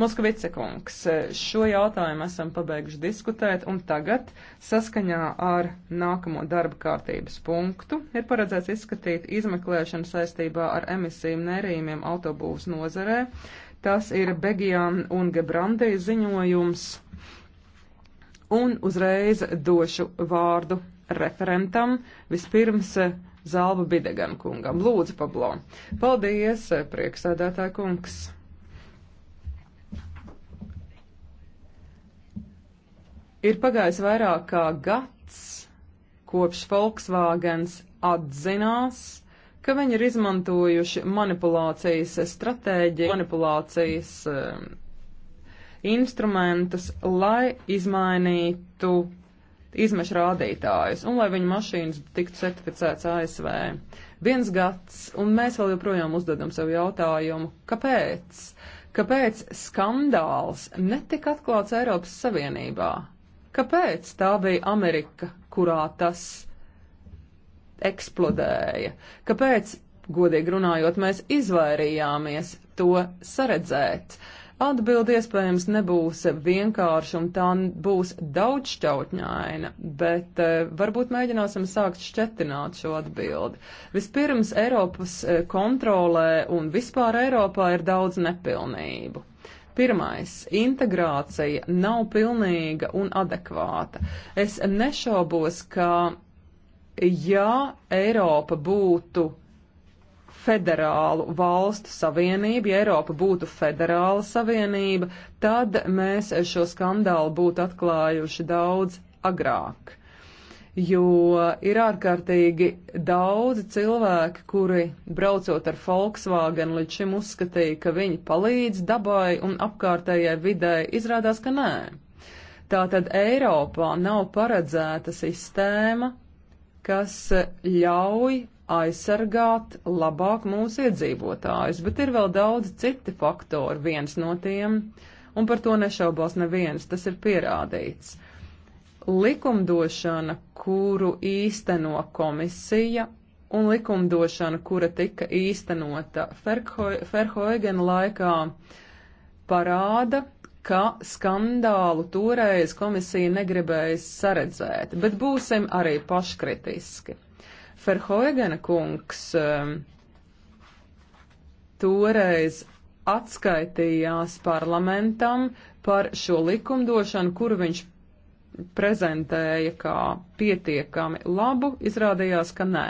Moskvice kungs, šo jautājumu esam pabeiguši diskutēt, un tagad saskaņā ar nākamo darba kārtības punktu ir paredzēts izskatīt izmeklēšanu saistībā ar emisiju nerījumiem autobūvas nozarē. Tas ir Begijan un Gebrandī ziņojums, un uzreiz došu vārdu referentam. Vispirms Zalba Bidegan kungam. Lūdzu, Pablo. Paldies, prieksēdētāja kungs. Ir pagājis vairāk kā gads, kopš Volkswagens atzinās, ka viņi ir izmantojuši manipulācijas stratēģiju, manipulācijas um, instrumentus, lai izmainītu izmešu rādītājus un lai viņu mašīnas tiktu certificēts ASV. Viens gads, un mēs vēl joprojām uzdodam sev jautājumu, kāpēc? Kāpēc skandāls netika atklāts Eiropas Savienībā? Kāpēc tā bija Amerika, kurā tas eksplodēja? Kāpēc, godīgi runājot, mēs izvairījāmies to saredzēt? Atbildi iespējams nebūs vienkārši un tā būs daudzšķautņaina, bet eh, varbūt mēģināsim sākt šķetināt šo atbildi. Vispirms Eiropas eh, kontrolē un vispār Eiropā ir daudz nepilnību. Pirmais - integrācija nav pilnīga un adekvāta. Es nešaubos, ka ja Eiropa būtu federālu valstu savienība, ja Eiropa būtu federāla savienība, tad mēs šo skandālu būtu atklājuši daudz agrāk jo ir ārkārtīgi daudzi cilvēki, kuri braucot ar Volkswagen līdz šim uzskatīja, ka viņi palīdz dabai un apkārtējai videi, izrādās, ka nē. Tātad Eiropā nav paredzēta sistēma, kas ļauj aizsargāt labāk mūsu iedzīvotājus, bet ir vēl daudz citi faktori, viens no tiem, un par to nešaubās neviens, tas ir pierādīts. Likumdošana, kuru īsteno komisija, un likumdošana, kura tika īstenota Ferhoigena laikā, parāda, ka skandālu toreiz komisija negribēja saredzēt, bet būsim arī paškritiski. Ferhoigena kungs um, toreiz atskaitījās parlamentam par šo likumdošanu, kuru viņš prezentēja kā pietiekami labu, izrādījās, ka nē.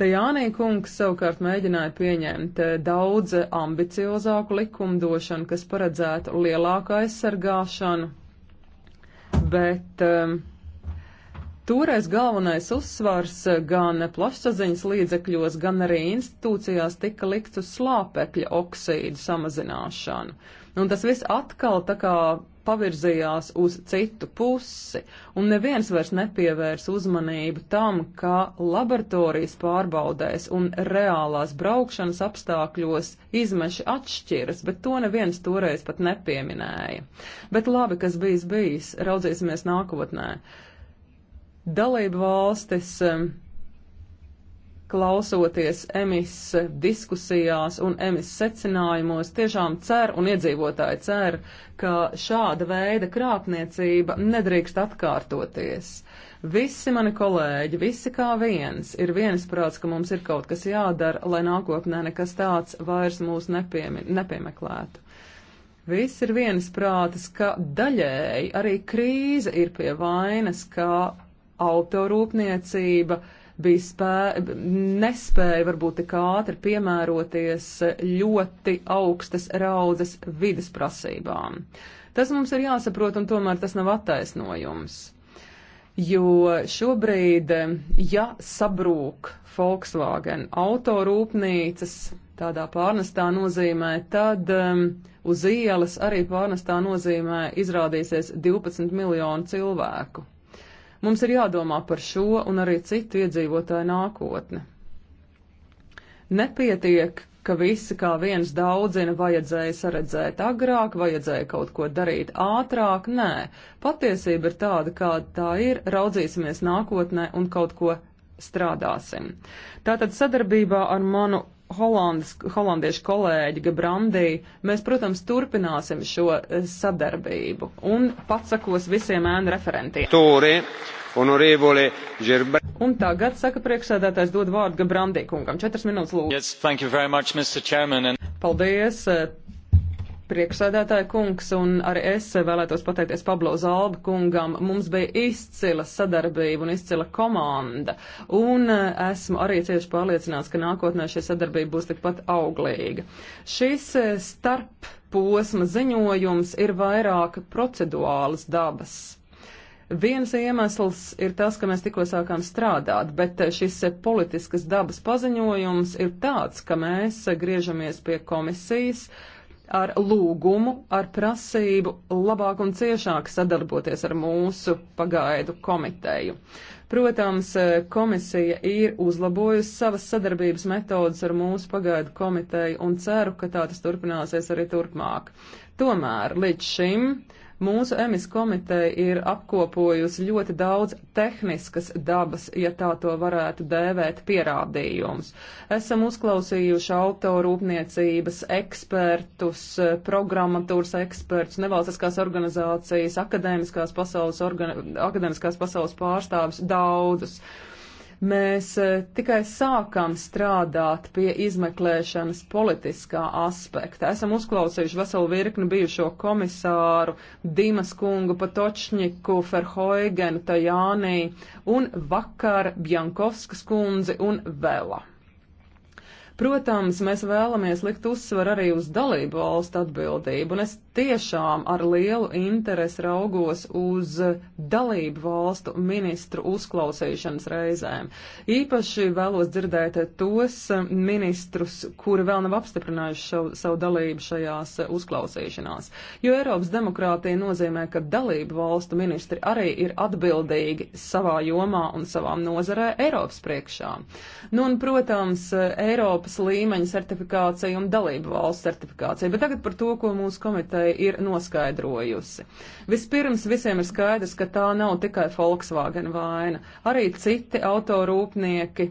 Te Jānī kungs savukārt mēģināja pieņemt eh, daudz ambiciozāku likumdošanu, kas paredzētu lielāku aizsargāšanu, bet um, Toreiz galvenais uzsvars gan plašsaziņas līdzekļos, gan arī institūcijās tika likts uz slāpekļa oksīdu samazināšanu. Un tas viss atkal tā kā pavirzījās uz citu pusi, un neviens vairs nepievērs uzmanību tam, kā laboratorijas pārbaudēs un reālās braukšanas apstākļos izmeši atšķiras, bet to neviens toreiz pat nepieminēja. Bet labi, kas bijis bijis, raudzīsimies nākotnē. Dalība valstis. Um, klausoties emis diskusijās un emis secinājumos, tiešām cer un iedzīvotāji cer, ka šāda veida krāpniecība nedrīkst atkārtoties. Visi mani kolēģi, visi kā viens, ir viensprāts, ka mums ir kaut kas jādara, lai nākotnē nekas tāds vairs mūs nepiemi, nepiemeklētu. Viss ir viensprātis, ka daļēji arī krīze ir pie vainas, ka autorūpniecība uh, bija spē, nespēja varbūt tik ātri piemēroties ļoti augstas raudzes vidas prasībām. Tas mums ir jāsaprot, un tomēr tas nav attaisnojums. Jo šobrīd, ja sabrūk Volkswagen autorūpnīcas, tādā pārnestā nozīmē, tad um, uz ielas arī pārnestā nozīmē izrādīsies 12 miljonu cilvēku. Mums ir jādomā par šo un arī citu iedzīvotāju nākotni. Nepietiek, ka visi kā viens daudzina vajadzēja saredzēt agrāk, vajadzēja kaut ko darīt ātrāk. Nē, patiesība ir tāda, kāda tā ir. Raudzīsimies nākotnē un kaut ko strādāsim. Tātad sadarbībā ar manu Holandas, holandiešu kolēģi Gabrandī, mēs, protams, turpināsim šo eh, sadarbību un patsakos visiem ēnu referentiem. Tūri, honorevole Gerbrandi. Un tagad, saka priekšsēdētājs, dod vārdu Gabrandī kungam. Četras minūtes lūdzu. Yes, thank you very much, Mr. Chairman. And... Paldies, eh, Priekšsēdētāja kungs un arī es vēlētos pateikties Pablo Zalba kungam. Mums bija izcila sadarbība un izcila komanda. Un esmu arī cieši pārliecināts, ka nākotnē šī sadarbība būs tikpat auglīga. Šis e, starp posma ziņojums ir vairāk procedūālas dabas. Viens iemesls ir tas, ka mēs tikko sākām strādāt, bet šis e, politiskas dabas paziņojums ir tāds, ka mēs griežamies pie komisijas, uh, ar lūgumu, ar prasību labāk un ciešāk sadarboties ar mūsu pagaidu komiteju. Protams, eh, komisija ir uzlabojusi savas sadarbības metodas ar mūsu pagaidu komiteju un ceru, ka tā tas turpināsies arī turpmāk. Tomēr līdz šim uh, Mūsu emis komiteja ir apkopojusi ļoti daudz tehniskas dabas, ja tā to varētu dēvēt, pierādījums. Esam uzklausījuši autorūpniecības ekspertus, programmatūras ekspertus, nevalstiskās organizācijas, akadēmiskās pasaules, organi akadēmiskās pasaules pārstāvis, daudzus. Uh, Mēs e, tikai sākam strādāt pie izmeklēšanas politiskā aspekta. Esam uzklausījuši veselu virkni bijušo komisāru, Dimas kungu, Patočņiku, Ferhoigenu, Tajānī un vakar Bjankovskas kundzi un Vela. Protams, mēs vēlamies likt uzsvaru arī uz dalību valstu atbildību, un es tiešām ar lielu interesi raugos uz dalību valstu ministru uzklausīšanas reizēm. Īpaši vēlos dzirdēt tos ministrus, kuri vēl nav apstiprinājuši savu, savu dalību šajās uzklausīšanās. Jo Eiropas demokrātija nozīmē, ka dalību valstu ministri arī ir atbildīgi savā jomā un savām nozarē Eiropas priekšā. Nu, un, protams, Eiropas līmeņa certifikācija un dalību valsts certifikācija. Bet tagad par to, ko mūsu komiteja ir noskaidrojusi. Vispirms visiem ir skaidrs, ka tā nav tikai Volkswagen vaina. Arī citi autorūpnieki,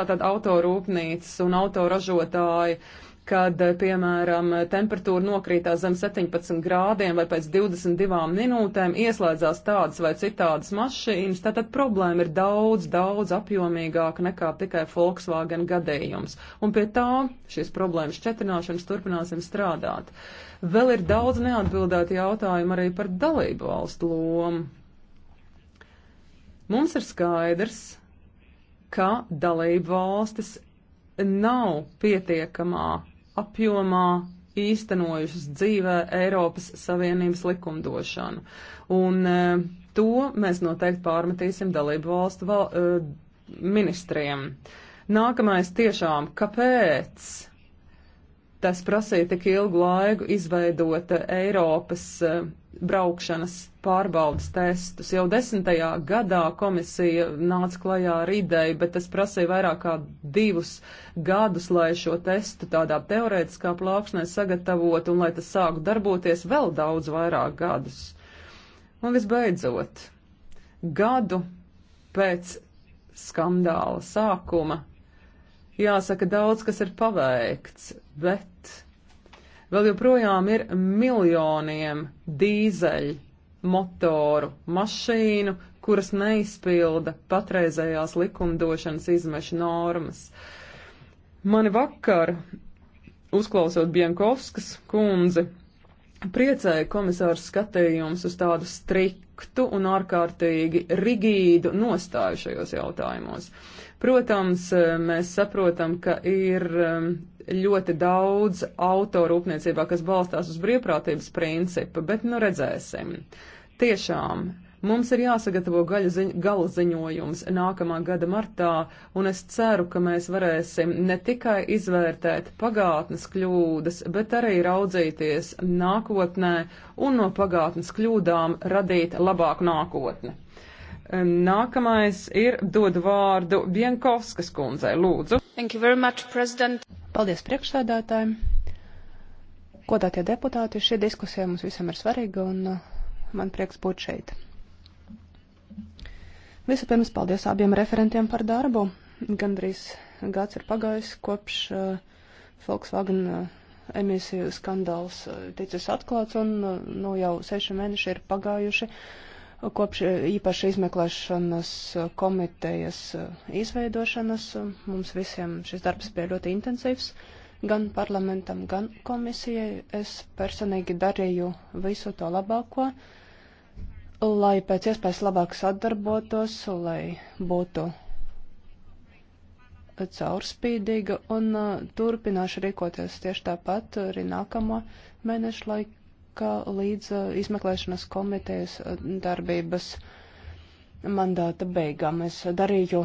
tātad autorūpnīcas un autoražotāji kad, eh, piemēram, temperatūra nokrītās zem 17 grādiem vai pēc 22 minūtēm ieslēdzās tādas vai citādas mašīnas, tātad problēma ir daudz, daudz apjomīgāka nekā tikai Volkswagen gadījums. Un pie tā šīs problēmas šķetināšanas turpināsim strādāt. Vēl ir daudz neatbildētu jautājumu arī par dalību valstu lomu. Mums ir skaidrs, ka dalību valstis nav pietiekamā apjomā īstenojušas dzīvē Eiropas Savienības likumdošanu. Un e, to mēs noteikti pārmetīsim dalību valstu val, e, ministriem. Nākamais tiešām, kāpēc tas prasīja tik ilgu laiku izveidot Eiropas e, braukšanas pārbaudas testus. Jau desmitajā gadā komisija nāca klajā ar ideju, bet tas prasīja vairāk kā divus gadus, lai šo testu tādā teorētiskā plāksnē sagatavotu un lai tas sāku darboties vēl daudz vairāk gadus. Un visbeidzot, gadu pēc skandāla sākuma, jāsaka, daudz kas ir paveikts, bet Vēl joprojām ir miljoniem dīzeļu motoru mašīnu, kuras neizpilda patreizējās likumdošanas izmešu normas. Mani vakar, uzklausot Bienkovskas kundzi, priecēja komisārs skatījums uz tādu striktu un ārkārtīgi rigīdu nostāju šajos jautājumos. Protams, mēs saprotam, ka ir um, ļoti daudz autoru rūpniecībā, kas balstās uz brīvprātības principu, bet nu redzēsim. Tiešām. Mums ir jāsagatavo ziņ, gala ziņojums nākamā gada martā, un es ceru, ka mēs varēsim ne tikai izvērtēt pagātnes kļūdas, bet arī raudzīties nākotnē un no pagātnes kļūdām radīt labāku nākotni. Nākamais ir dod vārdu Bienkovskas kundzei. Lūdzu. Thank you very much, President. Paldies priekšsēdētājiem. Godātie deputāti, šī diskusija mums visam ir svarīga un uh, man prieks būt šeit. Vispirms paldies abiem referentiem par darbu. Gandrīz gads ir pagājis kopš uh, Volkswagen uh, emisiju skandāls uh, ticis atklāts un uh, nu jau seši mēneši ir pagājuši. Uh, Kopš īpaši izmeklēšanas komitejas eh, izveidošanas eh, mums visiem šis darbs bija ļoti intensīvs, gan parlamentam, gan komisijai. Es personīgi darīju visu to labāko, lai pēc iespējas labāk sadarbotos, lai būtu caurspīdīga un eh, turpināšu rīkoties tieši tāpat arī nākamo mēnešu laiku ka līdz uh, izmeklēšanas komitejas uh, darbības mandāta beigām es darīju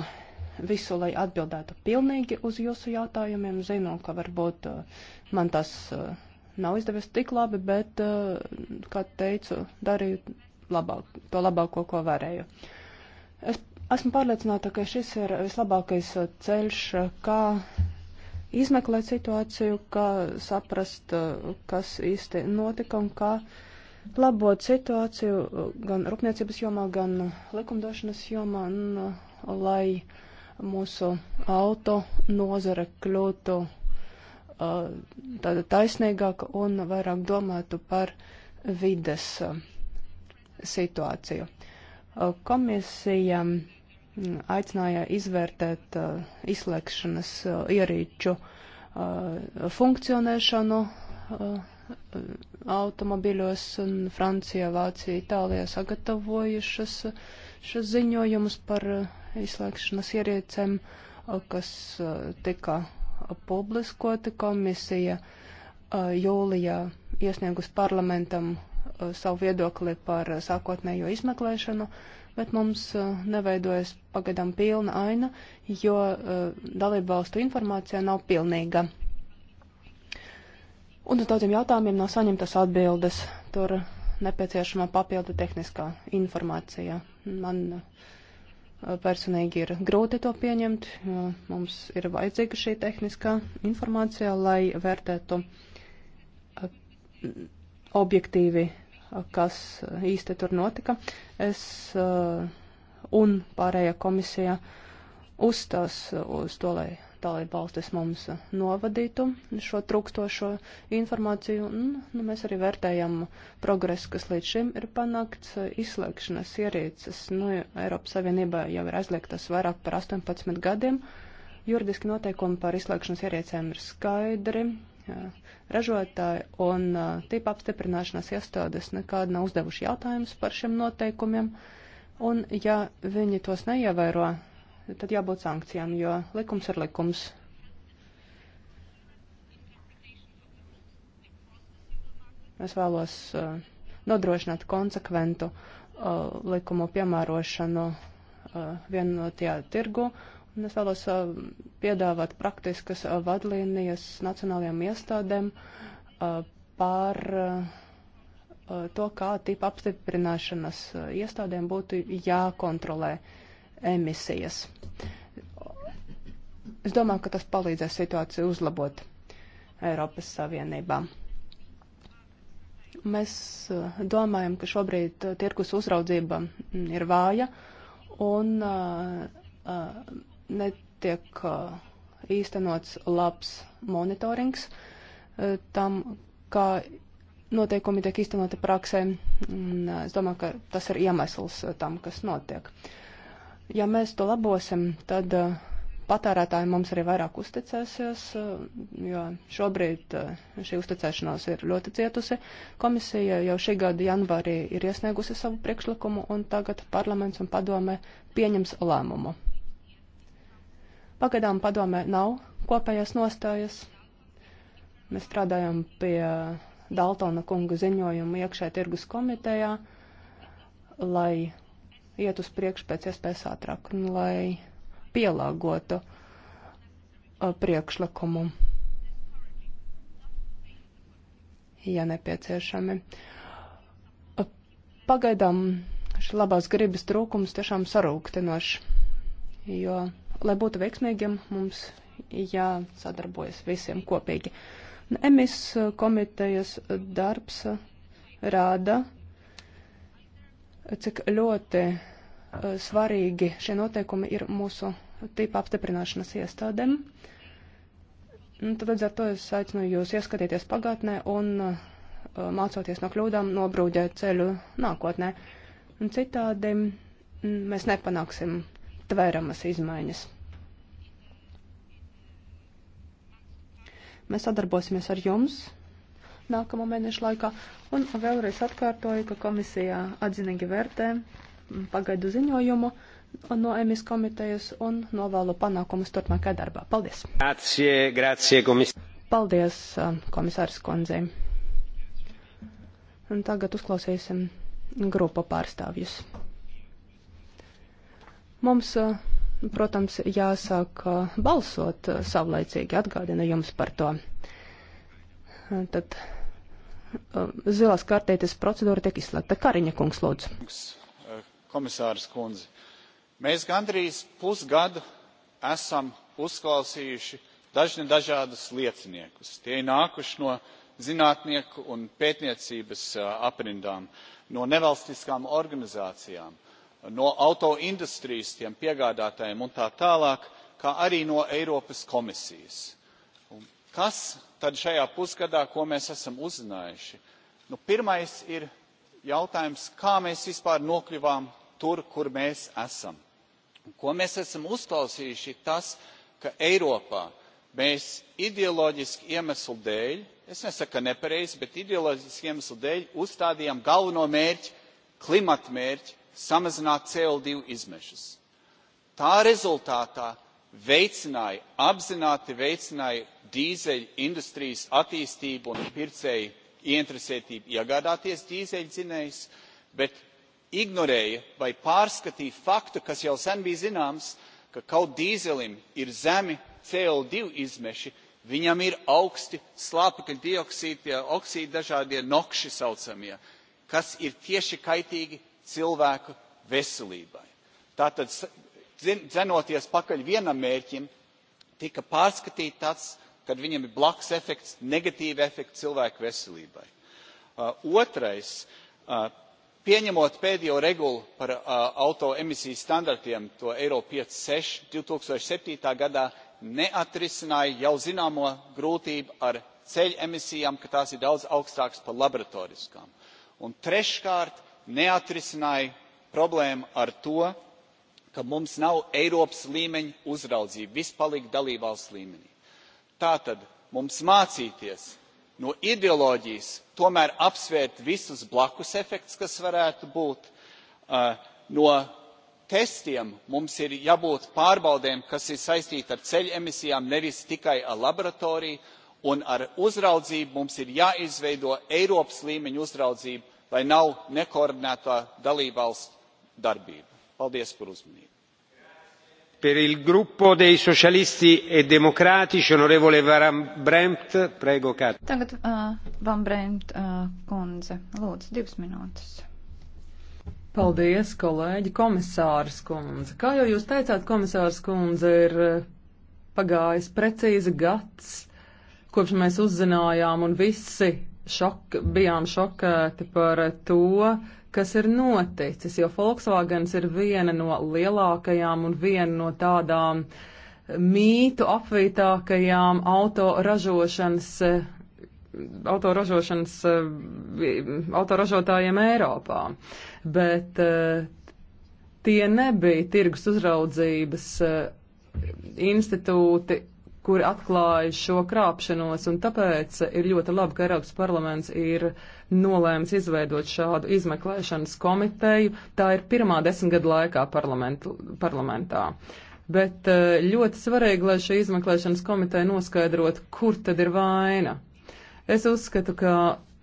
visu, lai atbildētu pilnīgi uz jūsu jautājumiem. Zinu, ka varbūt uh, man tas nav izdevies tik labi, bet, kā teicu, darīju labāk, to labāko, ko varēju. Es esmu pārliecināta, ka šis ir vislabākais ceļš, kā izmeklēt situāciju, kā saprast, uh, kas īsti notika un kā labot situāciju uh, gan rūpniecības jomā, gan uh, likumdošanas jomā, un, lai mūsu auto nozare kļūtu tāda taisnīgāka un vairāk domātu par vides situāciju. Komisija aicināja izvērtēt izslēgšanas ierīču funkcionēšanu automobiļos, un Francija, Vācija, Itālijā sagatavojušas šos ziņojumus par izslēgšanas ierīcēm, kas tika publiskoti komisija jūlijā iesniegus parlamentam savu viedokli par sākotnējo izmeklēšanu. Uh, bet mums uh, neveidojas pagaidām pilna aina, jo uh, dalībvalstu informācija nav pilnīga. Un uz daudziem jautājumiem nav saņemtas atbildes. Tur nepieciešama papildu tehniskā informācija. Man uh, personīgi ir grūti to pieņemt, jo mums ir vajadzīga šī tehniskā informācija, lai vērtētu objektīvi kas īsti tur notika. Es uh, un pārējā komisija uzstās uz to, lai dalība valstis mums novadītu šo trūkstošo informāciju. Un, nu, mēs arī vērtējam progresu, kas līdz šim ir panākts. Izslēgšanas ierīces nu, Eiropas Savienībā jau ir aizliegtas vairāk par 18 gadiem. Juridiski noteikumi par izslēgšanas ierīcēm ir skaidri ražotāji un tīpa apstiprināšanas iestādes nekādu nav uzdevuši jautājumus par šiem noteikumiem. Un ja viņi tos neievēro, tad jābūt sankcijām, jo likums ir likums. Es vēlos uh, nodrošināt konsekventu uh, likumu piemērošanu uh, vienotajā tirgu Un es vēlos uh, piedāvāt praktiskas uh, vadlīnijas nacionālajām iestādēm uh, par to, kā tipa apstiprināšanas iestādēm būtu jākontrolē emisijas. Es domāju, ka tas palīdzēs situāciju uzlabot Eiropas Savienībā. Mēs domājam, ka šobrīd tirkus uzraudzība ir vāja un uh, uh, netiek īstenots labs monitorings tam, kā noteikumi tiek īstenoti praksē. Es domāju, ka tas ir iemesls tam, kas notiek. Ja mēs to labosim, tad patērētāji mums arī vairāk uzticēsies, jo šobrīd šī uzticēšanās ir ļoti cietusi. Komisija jau šī gada janvārī ir iesniegusi savu priekšlikumu, un tagad parlaments un padome pieņems lēmumu. Pagaidām padomē nav kopējās nostājas. Mēs strādājam pie Daltona kunga ziņojuma iekšē tirgus komitejā, lai iet uz priekšu pēc iespējas ātrāk un lai pielāgotu uh, priekšlikumu, ja nepieciešami. Uh, pagaidām šī labās gribas trūkums tiešām sarūktinoši, jo Lai būtu veiksmīgiem, mums jāsadarbojas visiem kopīgi. Emis komitejas darbs rāda, cik ļoti e, svarīgi šie noteikumi ir mūsu tipa apstiprināšanas iestādēm. Nu, tad līdz ar to es aicinu jūs ieskatīties pagātnē un e, mācoties no kļūdām nobrūģēt ceļu nākotnē. Un citādi mēs nepanāksim aptvēramas izmaiņas. Mēs sadarbosimies ar jums nākamo mēnešu laikā un vēlreiz atkārtoju, ka komisijā atzinīgi vērtē pagaidu ziņojumu no emis komitejas un novēlu panākumus turpmākajā darbā. Paldies! Grazie, grazie, komis Paldies, uh, komisārs Konzei! Un tagad uzklausīsim grupu pārstāvjus. Mums, eh, protams, jāsāk eh, balsot eh, savlaicīgi, atgādina jums par to. Tad zilās kartētes procedūra tiek izslēgta. Kariņa kungs, lūdzu. Komisārs kundze, mēs gandrīz pusgadu esam uzklausījuši dažni dažādus lieciniekus. Tie ir nākuši no zinātnieku un pētniecības aprindām, no nevalstiskām organizācijām no auto industrijas tiem piegādātājiem un tā tālāk kā arī no eiropas komisijas. kas tad šajā pusgadā ko mēs esam uzzinājuši? Nu, pirmais ir jautājums kā mēs vispār nokļuvām tur kur mēs esam. ko mēs esam uzklausījuši ir tas ka eiropā mēs ideoloģisku iemeslu dēļ es nesaku ka nepareizi bet ideoloģisku iemeslu dēļ uzstādījām galveno mērķi klimata mērķi samazināt CO2 izmešas. Tā rezultātā veicināja, apzināti veicināja dīzeļu industrijas attīstību un pircēju ieinteresētību iegādāties dīzeļdzinējus, bet ignorēja vai pārskatīja faktu, kas jau sen bija zināms, ka kaut dīzelim ir zemi CO2 izmeši, viņam ir augsti slāpekļa dioksīdi, oksīdi dažādie nokši saucamie, kas ir tieši kaitīgi cilvēku veselībai. Tātad, cenoties pakaļ vienam mērķim, tika pārskatīts, kad viņam ir blakus efekts, negatīva efekta cilvēku veselībai. Uh, otrais, uh, pieņemot pēdējo regulu par uh, auto emisiju standartiem, to Eiro 5.6. 2007. gadā neatrisināja jau zināmo grūtību ar ceļu emisijām, ka tās ir daudz augstākas par laboratoriskām. Un treškārt, neatrisināja problēmu ar to ka mums nav eiropas līmeņa uzraudzība viss palika dalībvalstu līmenī. tātad mums mācīties no ideoloģijas tomēr apsvērt visus blakusefektus kas varētu būt no testiem mums ir jābūt pārbaudēm kas ir saistītas ar ceļu emisijām nevis tikai ar laboratoriju un ar uzraudzību mums ir jāizveido eiropas līmeņa uzraudzība lai nav nekoordinēta dalībvalstu darbība. paldies par uzmanību! Per il gruppo dei socialisti e democratici, onorevole Van Bremt, prego. Kat. Tagad uh, Van Bremt uh, kundze, lūdzu, divas minūtes. Paldies, kolēģi, komisārs kundze. Kā jau jūs teicāt, komisārs kundze ir uh, pagājis precīzi gads, kopš mēs uzzinājām un visi šok, bijām šokēti par to, kas ir noticis, jo Volkswagens ir viena no lielākajām un viena no tādām mītu apvītākajām autoražošanas autoražošanas, autoražotājiem Eiropā, bet eh, tie nebija tirgus uzraudzības eh, institūti kuri atklāja šo krāpšanos, un tāpēc ir ļoti labi, ka Eiropas parlaments ir nolēms izveidot šādu izmeklēšanas komiteju. Tā ir pirmā desmitgada laikā parlamentā. Bet eh, ļoti svarīgi, lai šī izmeklēšanas komiteja noskaidrot, kur tad ir vaina. Es uzskatu, ka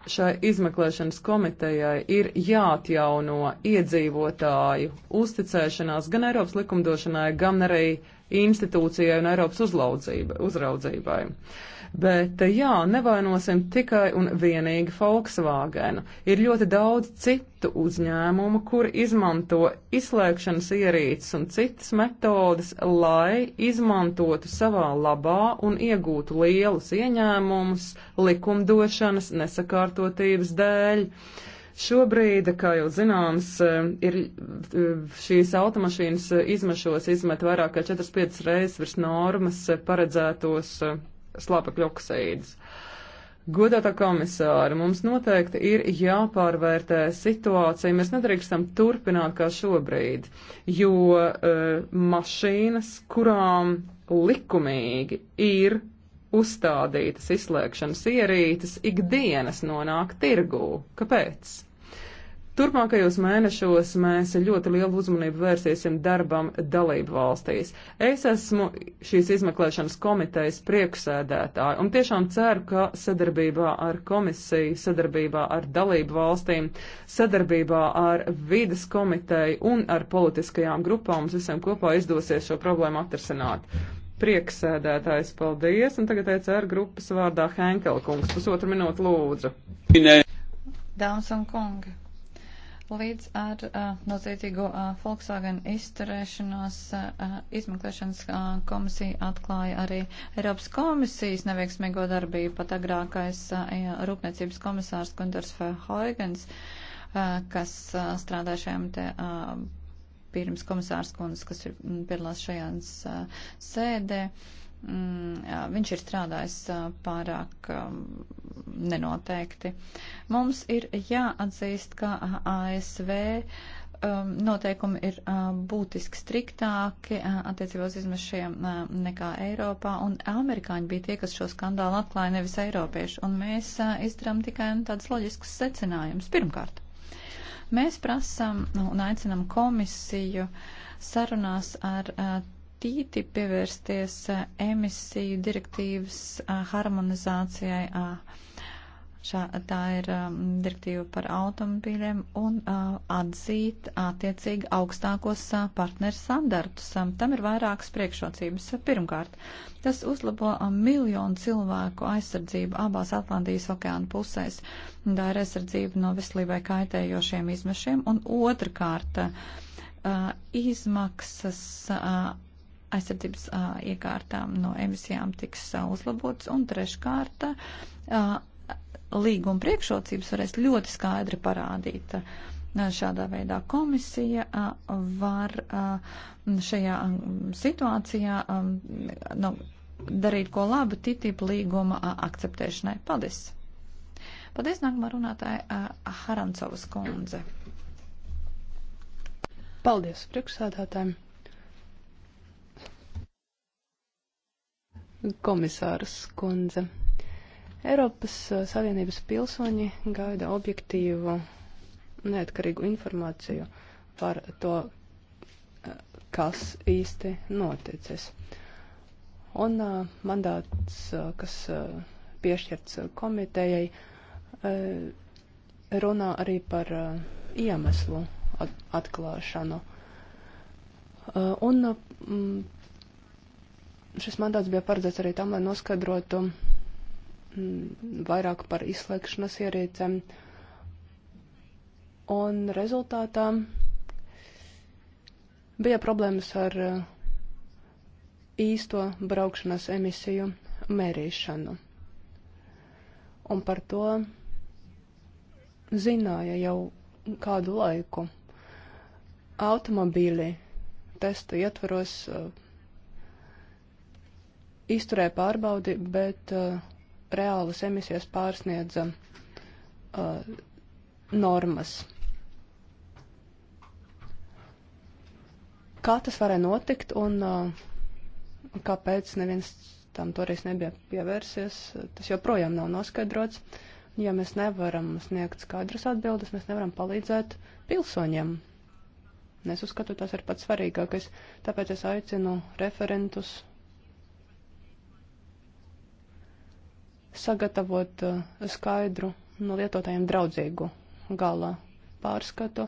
šai izmeklēšanas komitejai ir jāatjauno iedzīvotāju uzticēšanās gan Eiropas likumdošanai, gan arī uh, institūcijai un Eiropas uzraudzībai. Bet eh, jā, nevainosim tikai un vienīgi Volkswagenu. Ir ļoti daudz citu uzņēmumu, kur izmanto izslēgšanas ierīces un citas metodas, lai izmantotu savā labā un iegūtu lielus ieņēmumus likumdošanas nesakārtotības dēļ. Uh, Šobrīd, kā jau zināms, e, ir e, šīs automašīnas e, izmešos izmet vairāk kā 4-5 reizes virs normas paredzētos slāpekļu oksīdus. Godātā komisāra, mums noteikti ir jāpārvērtē situācija. Mēs nedrīkstam turpināt kā šobrīd, jo uh, mašīnas, kurām likumīgi ir uzstādītas izslēgšanas ierītas, ikdienas nonāk tirgū. Kāpēc? Turpmākajos mēnešos mēs ļoti lielu uzmanību vērsīsim darbam dalību valstīs. Es esmu šīs izmeklēšanas komitejas priekšsēdētāja un tiešām ceru, ka sadarbībā ar komisiju, sadarbībā ar dalību valstīm, sadarbībā ar vidas komiteju un ar politiskajām grupām mums visiem kopā izdosies šo problēmu atrasināt prieksēdētājs, paldies, un tagad ECR grupas vārdā Henkela kungs, pusotru minūtu lūdzu. Dāmas un kungi, līdz ar uh, noziedzīgo uh, Volkswagen izturēšanos uh, izmeklēšanas uh, komisija atklāja arī Eiropas komisijas neveiksmīgo darbību, pat agrākais uh, rūpniecības komisārs Gundars Hoigens, uh, kas uh, strādā šajām te. Uh, pirms komisārs kundas, kas ir piedalās šajās uh, sēdē. Uh, Mm, viņš ir strādājis pārāk nenoteikti. Mums ir jāatzīst, ka ASV noteikumi ir būtiski striktāki attiecībā uz izmešiem nekā Eiropā, un amerikāņi bija tie, kas šo skandālu atklāja, nevis eiropieši, un mēs izdarām tikai tādus loģiskus secinājumus. Pirmkārt, mēs prasam un aicinam komisiju sarunās ar tīti pievērsties emisiju direktīvas harmonizācijai. Šā, tā ir direktīva par automobīļiem un atzīt attiecīgi augstākos partneru standartus. Tam ir vairākas priekšrocības. Pirmkārt, tas uzlabo miljonu cilvēku aizsardzību abās Atlantijas okeāna pusēs. Tā ir aizsardzība no veselībai kaitējošiem izmešiem. Un otrkārt, izmaksas aizsardzības uh, iekārtām no emisijām tiks uh, uzlabotas, un treškārt uh, līguma priekšrocības varēs ļoti skaidri parādīt. Šādā veidā komisija var šajā situācijā nu, darīt ko labu TTIP līguma akceptēšanai. Paldies! Paldies, nākamā runātāja Harantsovas kundze. Paldies, priekšsādātājiem! komisārs kundze. Eiropas eh, Savienības pilsoņi gaida objektīvu, neatkarīgu informāciju par to, eh, kas īsti noticis. Un uh, mandāts, kas uh, piešķirts komitejai, uh, runā arī par uh, iemeslu at atklāšanu. Uh, un, uh, Šis mandāts bija paredzēts arī tam, lai noskaidrotu mm, vairāk par izslēgšanas ierīcēm. Un rezultātā bija problēmas ar uh, īsto braukšanas emisiju mērīšanu. Un par to zināja jau kādu laiku. Automobīļi testa ietvaros uh, izturēja pārbaudi, bet uh, reālas emisijas pārsniedza uh, normas. Kā tas varēja notikt un uh, kāpēc neviens tam toreiz nebija pievērsies, tas joprojām nav noskaidrots. Ja mēs nevaram sniegt skaidras atbildes, mēs nevaram palīdzēt pilsoņiem. Es uzskatu, tas ir pats svarīgākais, tāpēc es aicinu referentus sagatavot eh, skaidru, no lietotājiem draudzīgu gala pārskatu,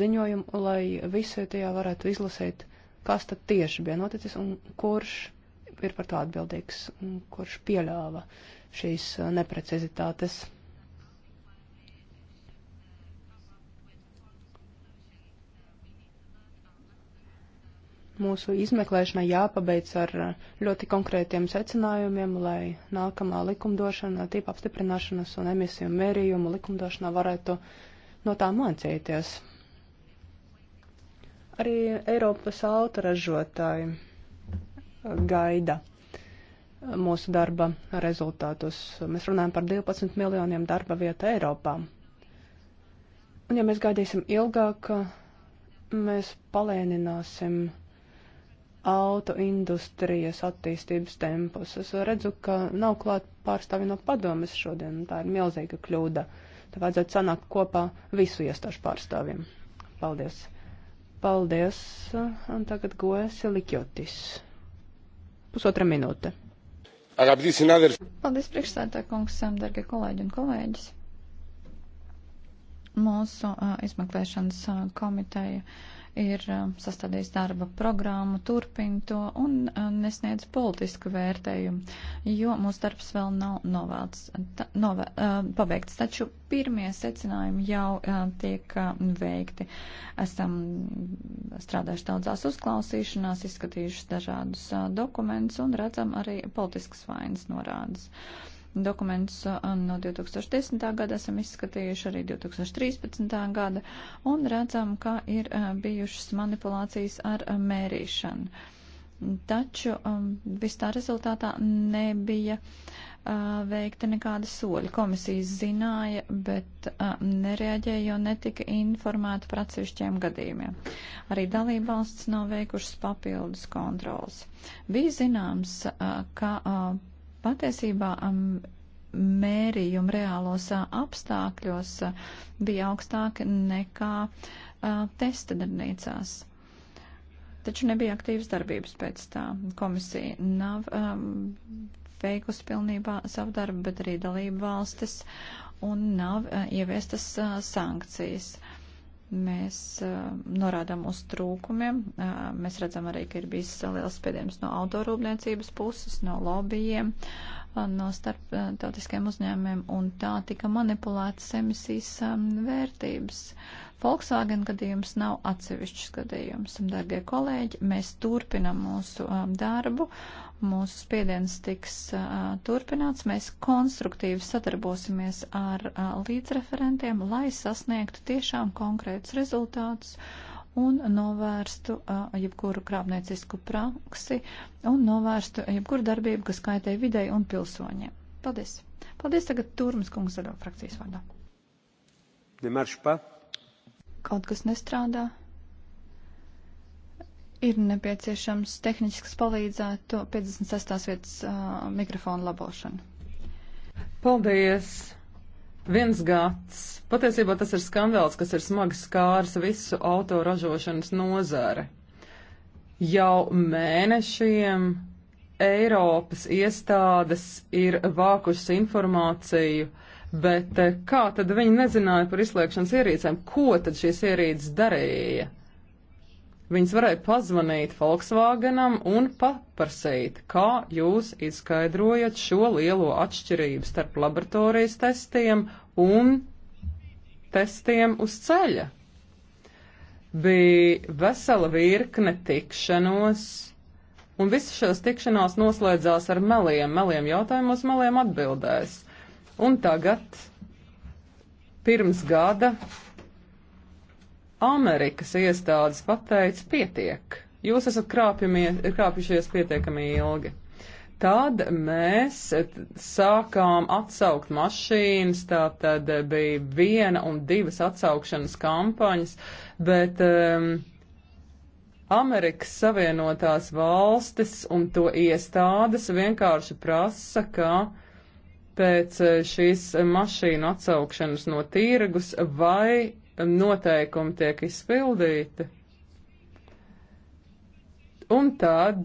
ziņojumu, lai visi tajā varētu izlasīt, kas tad tieši bija noticis un kurš ir par to atbildīgs, kurš pieļāva šīs eh, neprecizitātes. mūsu izmeklēšanai jāpabeidz ar uh, ļoti konkrētiem secinājumiem, lai nākamā likumdošana, tīpa apstiprināšanas un emisiju mērījumu likumdošanā varētu no tā mācīties. Arī Eiropas autoražotāji uh, gaida uh, mūsu darba rezultātus. Mēs runājam par 12 miljoniem darba vietu Eiropā. Un ja mēs gaidīsim ilgāk, mēs palēnināsim auto industrijas attīstības tempus. Es redzu, ka nav klāt pārstāvi no padomes šodien, tā ir milzīga kļūda. Tā vajadzētu sanākt kopā visu iestāžu pārstāvjiem. Paldies! Paldies! Un tagad gojas Likjotis. Pusotra minūte. Paldies, priekšstādā kungs, darbie kolēģi un kolēģis. Mūsu uh, izmeklēšanas uh, komiteja uh, ir uh, sastādījis darba programmu, turpina to un uh, nesniedz politisku vērtējumu, jo mūsu darbs vēl nav novēlts, ta, novē, uh, pabeigts. Taču pirmie secinājumi jau tiek veikti. Esam strādājuši daudzās uzklausīšanās, izskatījuši dažādus dokumentus un redzam arī politiskas vainas norādes. Uh, Dokumentus uh, no 2010. gada esam izskatījuši arī 2013. gada un redzam, ka ir uh, bijušas manipulācijas ar uh, mērīšanu. Taču um, vis tā rezultātā nebija veikta nekāda soļa. Komisija zināja, bet uh, nereaģēja, jo netika informēta par atsevišķiem gadījumiem. Arī dalība valsts nav veikušas papildus kontrols. Bija zināms, uh, ka uh, Patiesībā mērījumi reālos apstākļos bija augstāki nekā testa darbnīcās. Taču nebija aktīvas darbības pēc tā. Komisija nav um, veikusi pilnībā savu darbu, bet arī dalību valstis un nav uh, ieviestas uh, sankcijas. Uh, Mēs uh, norādām uz trūkumiem. Uh, mēs redzam arī, ka ir bijis liels spiediens no autorūpniecības puses, no lobbyiem, uh, no starptautiskiem uzņēmumiem, un tā tika manipulētas emisijas um, vērtības. Volkswagen gadījums nav atsevišķs gadījums. Dargie kolēģi, mēs turpinam mūsu um, darbu Mūsu spiediens tiks uh, turpināts. Mēs konstruktīvi sadarbosimies ar uh, līdzreferentiem, lai sasniegtu tiešām konkrētus rezultātus un novērstu uh, jebkuru krāpniecisku praksi un novērstu jebkuru darbību, kas kaitē videi un pilsoņiem. Paldies! Paldies tagad Turmas kungs zaļo frakcijas vārdā. Demarš pa. Kaut kas nestrādā. Ir nepieciešams tehnisks palīdzētu 56. vietas uh, mikrofonu labošanu. Paldies! Viens gads. Patiesībā tas ir skandāls, kas ir smagi skārs visu autoražošanas nozare. Jau mēnešiem Eiropas iestādes ir vākušas informāciju, bet kā tad viņi nezināja par izslēgšanas ierīcēm? Ko tad šīs ierīces darīja? Viņas varēja pazvanīt Volkswagenam un paprasīt, kā jūs izskaidrojat šo lielo atšķirību starp laboratorijas testiem un testiem uz ceļa. Bija vesela virkne tikšanos, un visas šās tikšanās noslēdzās ar meliem, meliem jautājumos, meliem atbildēs. Un tagad, pirms gada, Amerikas iestādes pateica, pietiek, jūs esat krāpjušies pietiekami ilgi. Tad mēs sākām atsaukt mašīnas, tā tad bija viena un divas atsaukšanas kampaņas, bet um, Amerikas Savienotās valstis un to iestādes vienkārši prasa, ka pēc uh, šīs mašīnu atsaukšanas no tirgus vai noteikumi tiek izpildīti. Un tad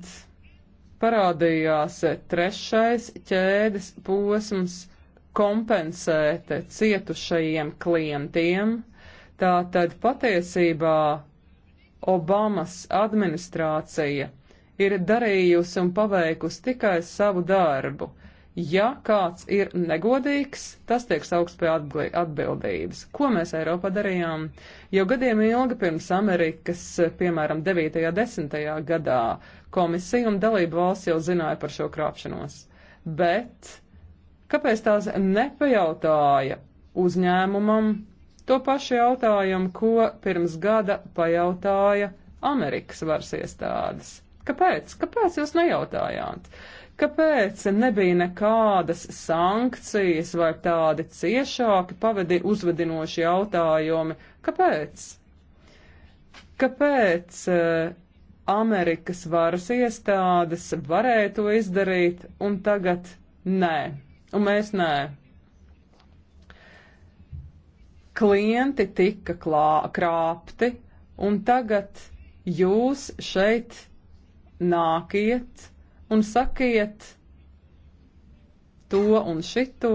parādījās trešais ķēdes posms kompensēt cietušajiem klientiem. Tātad patiesībā Obamas administrācija ir darījusi un paveikusi tikai savu darbu. Ja kāds ir negodīgs, tas tiek saukts pie atbildības. Ko mēs Eiropā darījām? Jau gadiem ilgi pirms Amerikas, piemēram, 9. un 10. gadā komisija un dalību valsts jau zināja par šo krāpšanos. Bet kāpēc tās nepajautāja uzņēmumam to pašu jautājumu, ko pirms gada pajautāja Amerikas varas iestādes? Kāpēc? Kāpēc jūs nejautājāt? Uh, Kāpēc nebija nekādas sankcijas vai tādi ciešāki pavadi uzvedinoši jautājumi? Kāpēc? Kāpēc e, Amerikas varas iestādes varēja to izdarīt un tagad nē? Un mēs nē klienti tika klā, krāpti, un tagad jūs šeit nākiet un sakiet to un šito,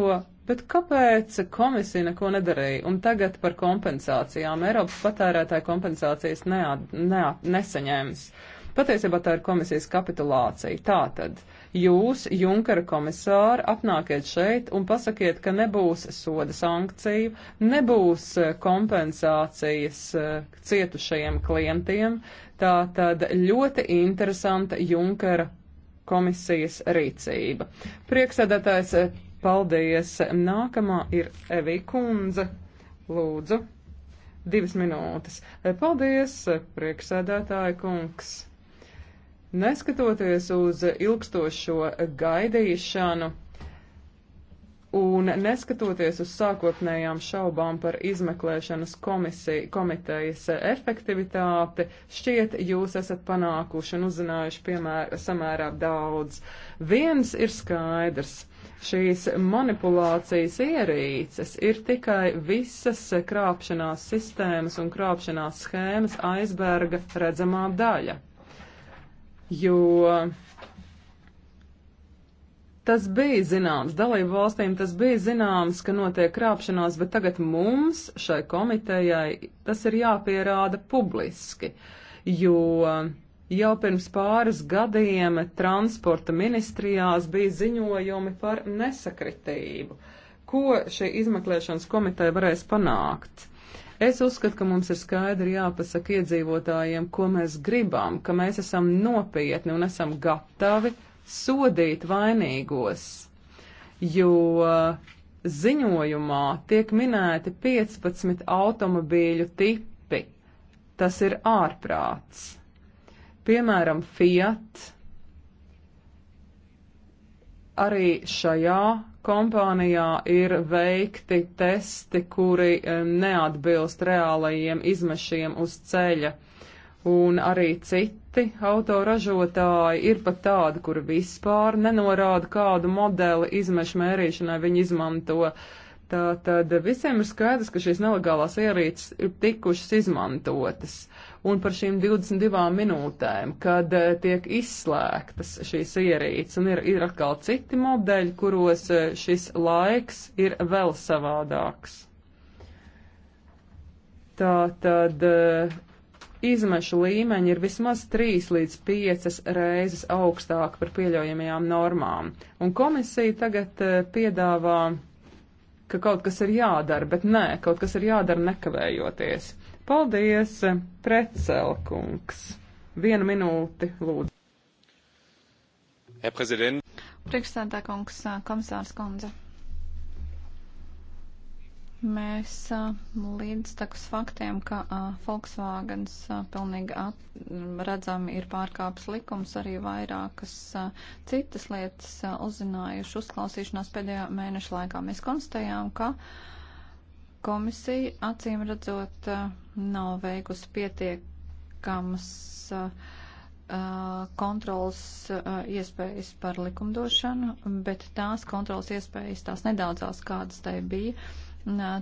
bet kāpēc komisija neko nedarīja? Un tagad par kompensācijām. Eiropas patērētāja kompensācijas neā, neā, nesaņēmis. Patiesībā tā ir komisijas kapitulācija. Tātad jūs, Junkara komisāri, apnākiet šeit un pasakiet, ka nebūs soda sankciju, nebūs kompensācijas eh, cietušajiem klientiem. Tātad ļoti interesanta Junkara komisijas rīcība. Prieksēdētājs, eh, paldies! Nākamā ir Evī Kundze. Lūdzu, divas minūtes. Eh, paldies, prieksēdētāja kungs! Neskatoties uz ilgstošo gaidīšanu, Un neskatoties uz sākotnējām šaubām par izmeklēšanas komisiju, komitejas efektivitāti, šķiet jūs esat panākuši un uzzinājuši piemēr, samērā daudz. Viens ir skaidrs. Šīs manipulācijas ierīces ir tikai visas krāpšanās sistēmas un krāpšanās schēmas aizberga redzamā daļa. Jo Tas bija zināms, dalību valstīm tas bija zināms, ka notiek krāpšanās, bet tagad mums, šai komitejai, tas ir jāpierāda publiski, jo jau pirms pāris gadiem transporta ministrijās bija ziņojumi par nesakritību. Ko šī izmeklēšanas komiteja varēs panākt? Es uzskatu, ka mums ir skaidri jāpasaka iedzīvotājiem, ko mēs gribam, ka mēs esam nopietni un esam gatavi sodīt vainīgos, jo ziņojumā tiek minēti 15 automobīļu tipi. Tas ir ārprāts. Piemēram, Fiat. Arī šajā kompānijā ir veikti testi, kuri neatbilst reālajiem izmešiem uz ceļa, un arī citi Nereti autoražotāji ir pat tādi, kur vispār nenorāda kādu modeli izmešu mērīšanai viņi izmanto. Tātad visiem ir skaidrs, ka šīs nelegālās ierīces ir tikušas izmantotas. Un par šīm 22 minūtēm, kad eh, tiek izslēgtas šīs ierīces, un ir, ir atkal citi modeļi, kuros eh, šis laiks ir vēl savādāks. Tātad eh, izmešu līmeņi ir vismaz 3 līdz 5 reizes augstāk par pieļaujamajām normām. Un komisija tagad eh, piedāvā, ka kaut kas ir jādara, bet nē, kaut kas ir jādara nekavējoties. Paldies, precelkungs. Vienu minūti, lūdzu. Herr Präsident. Priekšstādā kungs, komisārs kundze. Mēs līdz takus faktiem, ka Volkswagens pilnīgi at, redzami ir pārkāpis likums, arī vairākas citas lietas uzzinājuši uzklausīšanās pēdējā mēneša laikā. Mēs konstatējām, ka komisija acīm redzot nav veikusi pietiekamas kontrolas iespējas par likumdošanu, bet tās kontrolas iespējas, tās nedaudzās, kādas tai bija,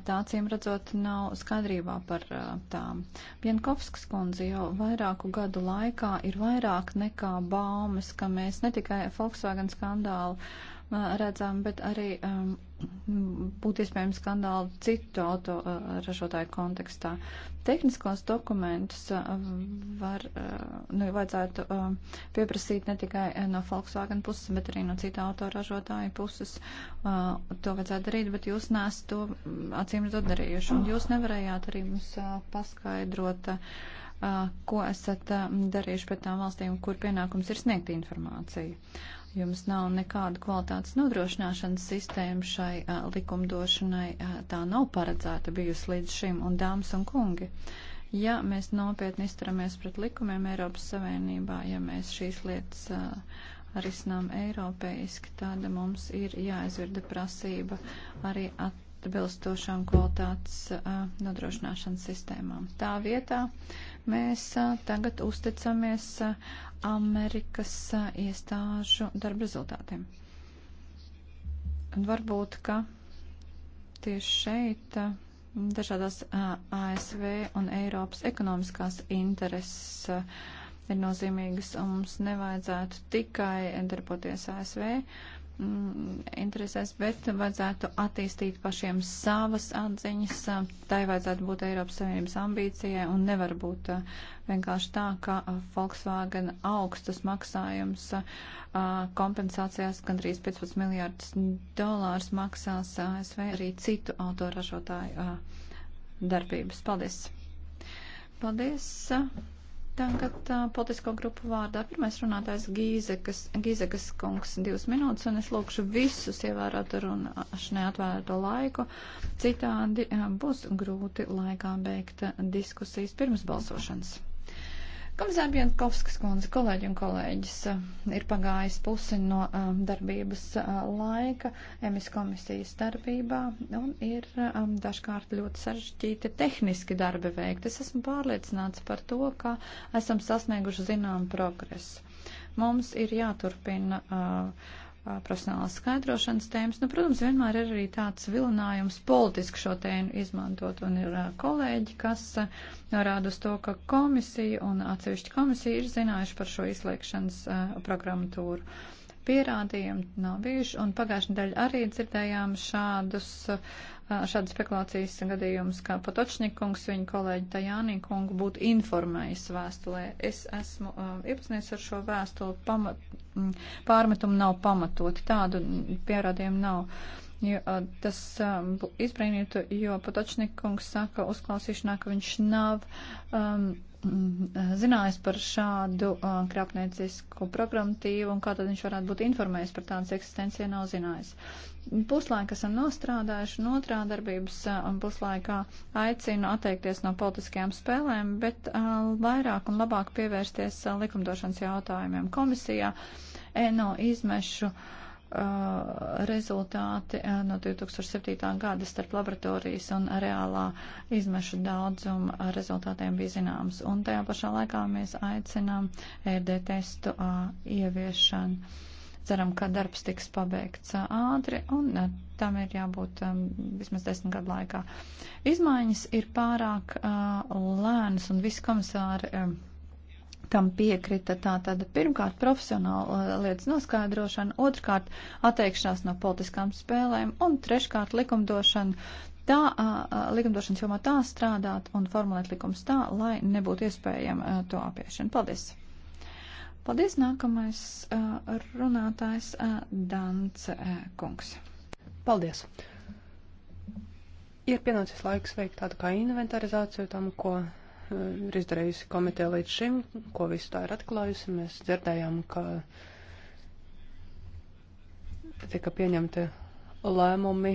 tā cīm redzot nav skaidrībā par tām. Pienkovskas kundze jau vairāku gadu laikā ir vairāk nekā baumas, ka mēs ne tikai Volkswagen skandālu redzam, bet arī um, būtu iespējams skandāli citu auto uh, ražotāju kontekstā. Tehniskos dokumentus uh, var, uh, nu, vajadzētu uh, pieprasīt ne tikai no Volkswagen puses, bet arī no cita auto ražotāju puses. Uh, to vajadzētu darīt, bet jūs nesat to acīm redzot darījuši. Un jūs nevarējāt arī mums uh, paskaidrot, uh, ko esat uh, darījuši pret tām valstīm, kur pienākums ir sniegt informāciju. Uh, Jums nav nekāda kvalitātes nodrošināšanas sistēma šai a, likumdošanai, a, tā nav paredzēta bijusi līdz šim, un dāmas un kungi. Ja mēs nopietni izturamies pret likumiem Eiropas Savienībā, ja mēs šīs lietas a, risinām eiropeiski, tad mums ir jāizvirda prasība arī at atbilstošām kvalitātes nodrošināšanas sistēmām. Tā vietā mēs tagad uzticamies Amerikas iestāžu darba rezultātiem. Un varbūt, ka tieši šeit dažādās ASV un Eiropas ekonomiskās intereses ir nozīmīgas, un mums nevajadzētu tikai darboties ASV Mm, interesēs, bet vajadzētu attīstīt pašiem savas atziņas. Tai vajadzētu būt Eiropas Savienības ambīcijai un nevar būt uh, vienkārši tā, ka uh, Volkswagen augstus maksājums uh, kompensācijās gandrīz 15 miljārdus dolārus maksās ASV arī citu autoražotāju darbības. Paldies! Paldies! Tagad uh, politisko grupu vārdā pirmais runātājs Gīzekas, Gīzekas kungs divas minūtes, un es lūkšu visus ievērot runāšanai atvērto laiku. Citādi uh, būs grūti laikā beigt diskusijas pirms balsošanas. Komisāra Bienkovskas kundze, kolēģi un kolēģis, eh, ir pagājis pusi no um, darbības uh, laika emis komisijas darbībā un ir um, dažkārt ļoti sarežģīti tehniski darbi veikt. Es esmu pārliecināts par to, ka esam sasnieguši zinām progresu. Mums ir jāturpina. Uh, profesionālās skaidrošanas tēmas. Nu, protams, vienmēr ir arī tāds vilinājums politiski šo tēmu izmantot, un ir kolēģi, kas norāda uz to, ka komisija un atsevišķi komisija ir zinājuši par šo izslēgšanas programmatūru. Pierādījumi nav bijuši, un pagājušajā daļā arī dzirdējām šādus uh, šādas spekulācijas gadījumus, kā Patočnikungs, viņa kolēģi Tajānī kungu būtu informējis vēstulē. Es esmu uh, iepazinies ar šo vēstuli, pamat, pārmetumu nav pamatoti, tādu pierādījumu nav. Jo, uh, tas uh, izbrīnītu, jo Patočnikungs saka uzklausīšanā, ka viņš nav. Um, zinājis par šādu uh, krāpniecisku programmatīvu un kā tad viņš varētu būt informējis par tādas eksistenci, ja nav zinājis puslaika esam nostrādājuši, un otrā darbības puslaikā aicinu atteikties no politiskajām spēlēm, bet vairāk un labāk pievērsties likumdošanas jautājumiem komisijā, eno izmešu rezultāti no 2007. gada starp laboratorijas un reālā izmešu daudzuma rezultātiem bija zināms. Un tajā pašā laikā mēs aicinām RD e testu ieviešanu Ceram, ka darbs tiks pabeigts uh, ātri un uh, tam ir jābūt um, vismaz desmit gadu laikā. Izmaiņas ir pārāk uh, lēnas un visi komisāri um, tam piekrita tā tad pirmkārt profesionāla lietas noskaidrošana, otrkārt atteikšanās no politiskām spēlēm un treškārt likumdošana. Tā likumdošanas jomā tā strādāt un formulēt likums tā, lai nebūtu iespējama to apiešana. Paldies! Paldies, nākamais uh, runātājs uh, Dants uh, Kungs. Paldies. Ir pienācis laiks veikt tādu kā inventarizāciju tam, ko ir izdarījusi komiteja līdz šim, ko visu tā ir atklājusi. Mēs dzirdējām, ka tika pieņemti lēmumi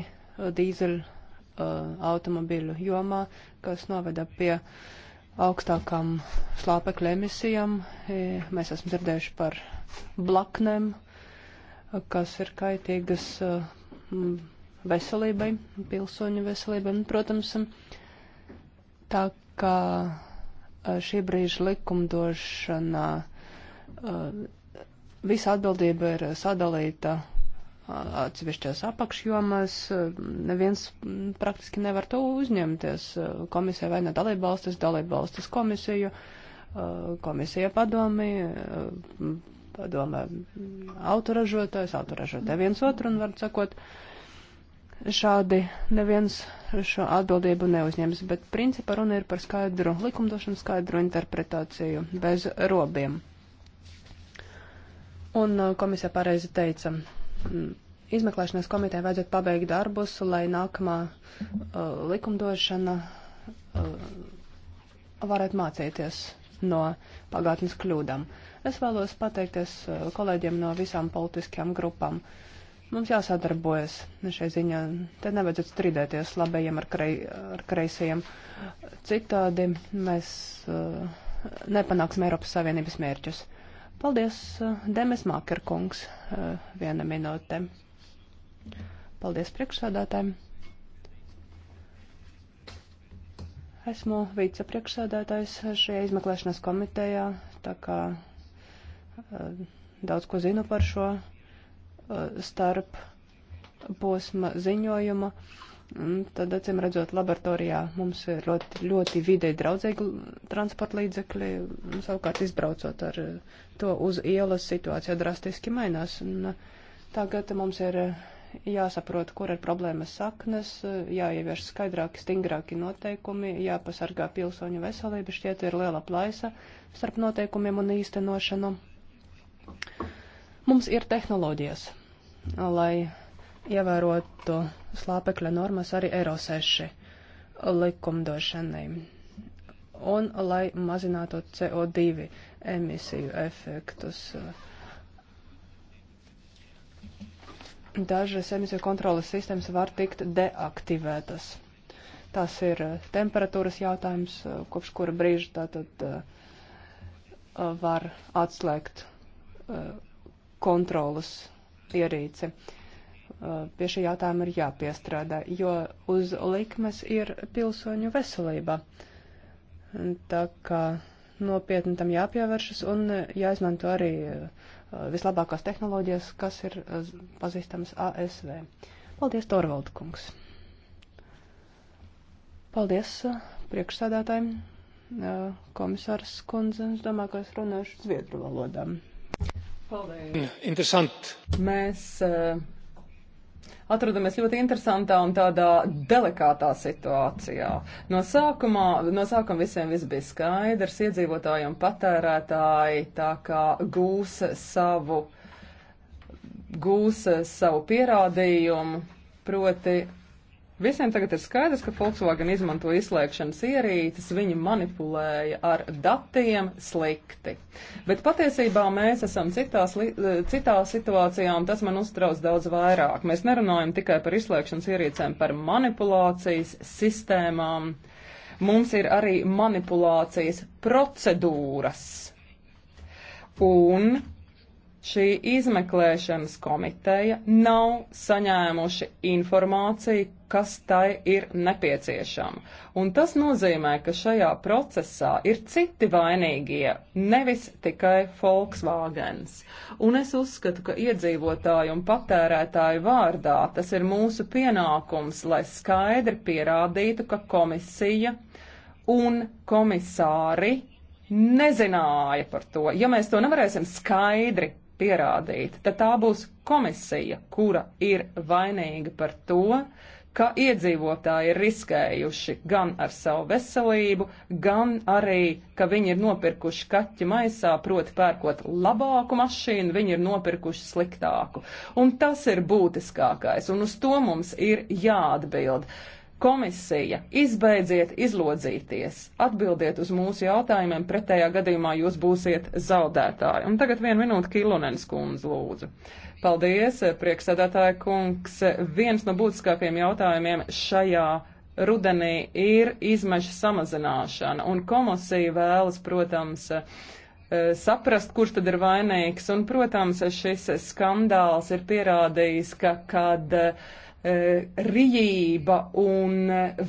dīzeļu uh, automobīļu jomā, kas noveda pie uh, augstākām slāpekļa emisijām. E, mēs esam dzirdējuši par blaknēm, kas ir kaitīgas e, veselībai, pilsoņu veselībai. Un, protams, tā kā e, šī brīža likumdošanā visa atbildība ir sadalīta atsevišķās apakšjomās, neviens praktiski nevar to uzņemties. Komisija vai ne dalībvalstis, dalībvalstis komisiju, komisija padomi, padome autoražotājs, autoražotāji viens otru un var sakot, šādi neviens šo atbildību neuzņems, bet principā runa ir par skaidru likumdošanu, skaidru interpretāciju bez robiem. Un uh, komisija pareizi teica, Mm, izmeklēšanas komitē vajadzētu pabeigt darbus, lai nākamā uh, likumdošana uh, varētu mācīties no pagātnes kļūdām. Es vēlos pateikties uh, kolēģiem no visām politiskajām grupām. Mums jāsadarbojas šai ziņā. Te nevajadzētu strīdēties labējiem ar, krei, ar kreisajiem. Citādi mēs uh, nepanāksim Eiropas Savienības mērķus. Uh, Paldies, eh, Demis Mākerkungs, eh, viena minūte. Paldies priekšsādātājiem. Esmu vicepriekšsādātājs šajā izmeklēšanas komitejā, tā kā eh, daudz ko zinu par šo starp posma ziņojumu. Un tad, acīm redzot, laboratorijā mums ir ļoti, ļoti videi draudzīgi transporta līdzekļi, un savukārt izbraucot ar eh, to uz ielas situācija drastiski mainās. Un eh, tagad mums ir eh, jāsaprot, kur ir problēmas saknes, jāievieš skaidrāki, stingrāki noteikumi, jāpasargā pilsoņu veselība, šķiet ir liela plaisa starp noteikumiem un īstenošanu. Mums ir tehnoloģijas, lai ievērotu slāpekļa normas arī Eiro 6 likumdošanai un lai mazinātu CO2 emisiju efektus. Dažas emisiju kontrolas sistēmas var tikt deaktivētas. Tas ir temperatūras jautājums, kopš kura brīža tātad uh, var atslēgt uh, kontrolas ierīci. Uh, Eh, pie šī jautājuma ir jāpiestrādā, jo uz likmes ir pilsoņu veselība. Tā kā nopietni tam jāpievēršas un jāizmanto arī eh, vislabākās tehnoloģijas, kas ir eh, pazīstamas ASV. Paldies, Torvalda kungs! Paldies priekšsādātājiem, komisārs kundze. Es domāju, ka es runāšu zviedru valodām. Paldies! Interesanti! Mēs uh, atrodamies ļoti interesantā un tādā delikātā situācijā. No sākumā, no sākuma visiem viss bija skaidrs, iedzīvotāji un patērētāji tā kā gūs savu, gūs savu pierādījumu, proti Visiem tagad ir skaidrs, ka Volkswagen izmanto izslēgšanas ierīces, viņi manipulēja ar datiem slikti. Bet patiesībā mēs esam citās, citā situācijā, un tas man uztrauc daudz vairāk. Mēs nerunājam tikai par izslēgšanas ierīcēm, par manipulācijas sistēmām. Mums ir arī manipulācijas procedūras. Un šī izmeklēšanas komiteja nav saņēmuši informāciju, kas tai ir nepieciešama. Un tas nozīmē, ka šajā procesā ir citi vainīgie, nevis tikai Volkswagens. Un es uzskatu, ka iedzīvotāju un patērētāju vārdā tas ir mūsu pienākums, lai skaidri pierādītu, ka komisija un komisāri nezināja par to. Ja mēs to nevarēsim skaidri pierādīta, tad tā būs komisija, kura ir vainīga par to, ka iedzīvotāji ir riskējuši gan ar savu veselību, gan arī, ka viņi ir nopirkuši kaķi maisā, proti pērkot labāku mašīnu, viņi ir nopirkuši sliktāku. Un tas ir būtiskākais, un uz to mums ir jāatbild. Uh, Komisija, izbeidziet izlodzīties, atbildiet uz mūsu jautājumiem, pretējā gadījumā jūs būsiet zaudētāji. Un tagad vienu minūti Kilonens kundze lūdzu. Paldies, priekšsēdētāja kungs. Viens no būtiskākajiem jautājumiem šajā rudenī ir izmeša samazināšana, un komisija vēlas, protams, saprast, kurš tad ir vainīgs. Un, protams, šis skandāls ir pierādījis, ka, kad uh, E, rijība un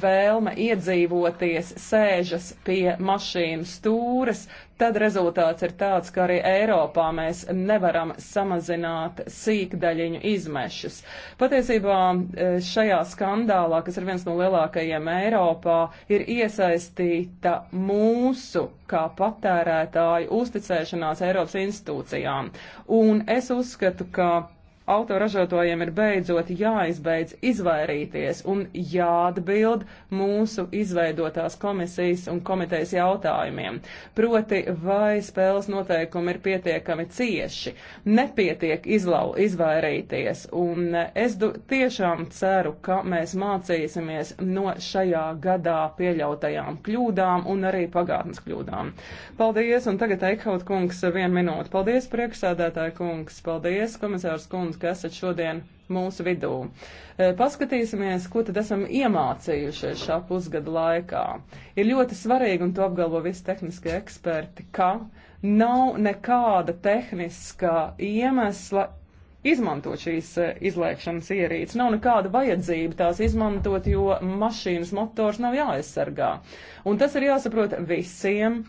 vēlme iedzīvoties sēžas pie mašīnu stūres, tad rezultāts ir tāds, ka arī Eiropā mēs nevaram samazināt sīkdaļiņu izmešus. Patiesībā e, šajā skandālā, kas ir viens no lielākajiem Eiropā, ir iesaistīta mūsu kā patērētāju uzticēšanās Eiropas institūcijām. Un es uzskatu, ka autoražotājiem ir beidzot jāizbeidz izvairīties un jāatbild mūsu izveidotās komisijas un komitejas jautājumiem. Proti, vai spēles noteikumi ir pietiekami cieši, nepietiek izlau, izvairīties. Un es du, tiešām ceru, ka mēs mācīsimies no šajā gadā pieļautajām kļūdām un arī pagātnes kļūdām. Paldies, un tagad Eikhaut kungs, vienu minūti. Paldies, priekšsēdētāja kungs, paldies, komisārs kungs ka esat šodien mūsu vidū. E, paskatīsimies, ko tad esam iemācījušies šā pusgada laikā. Ir ļoti svarīgi, un to apgalvo visi tehniskie eksperti, ka nav nekāda tehniska iemesla izmantot šīs e, izlēkšanas ierīces. Nav nekāda vajadzība tās izmantot, jo mašīnas motors nav jāaizsargā. Un tas ir jāsaprot visiem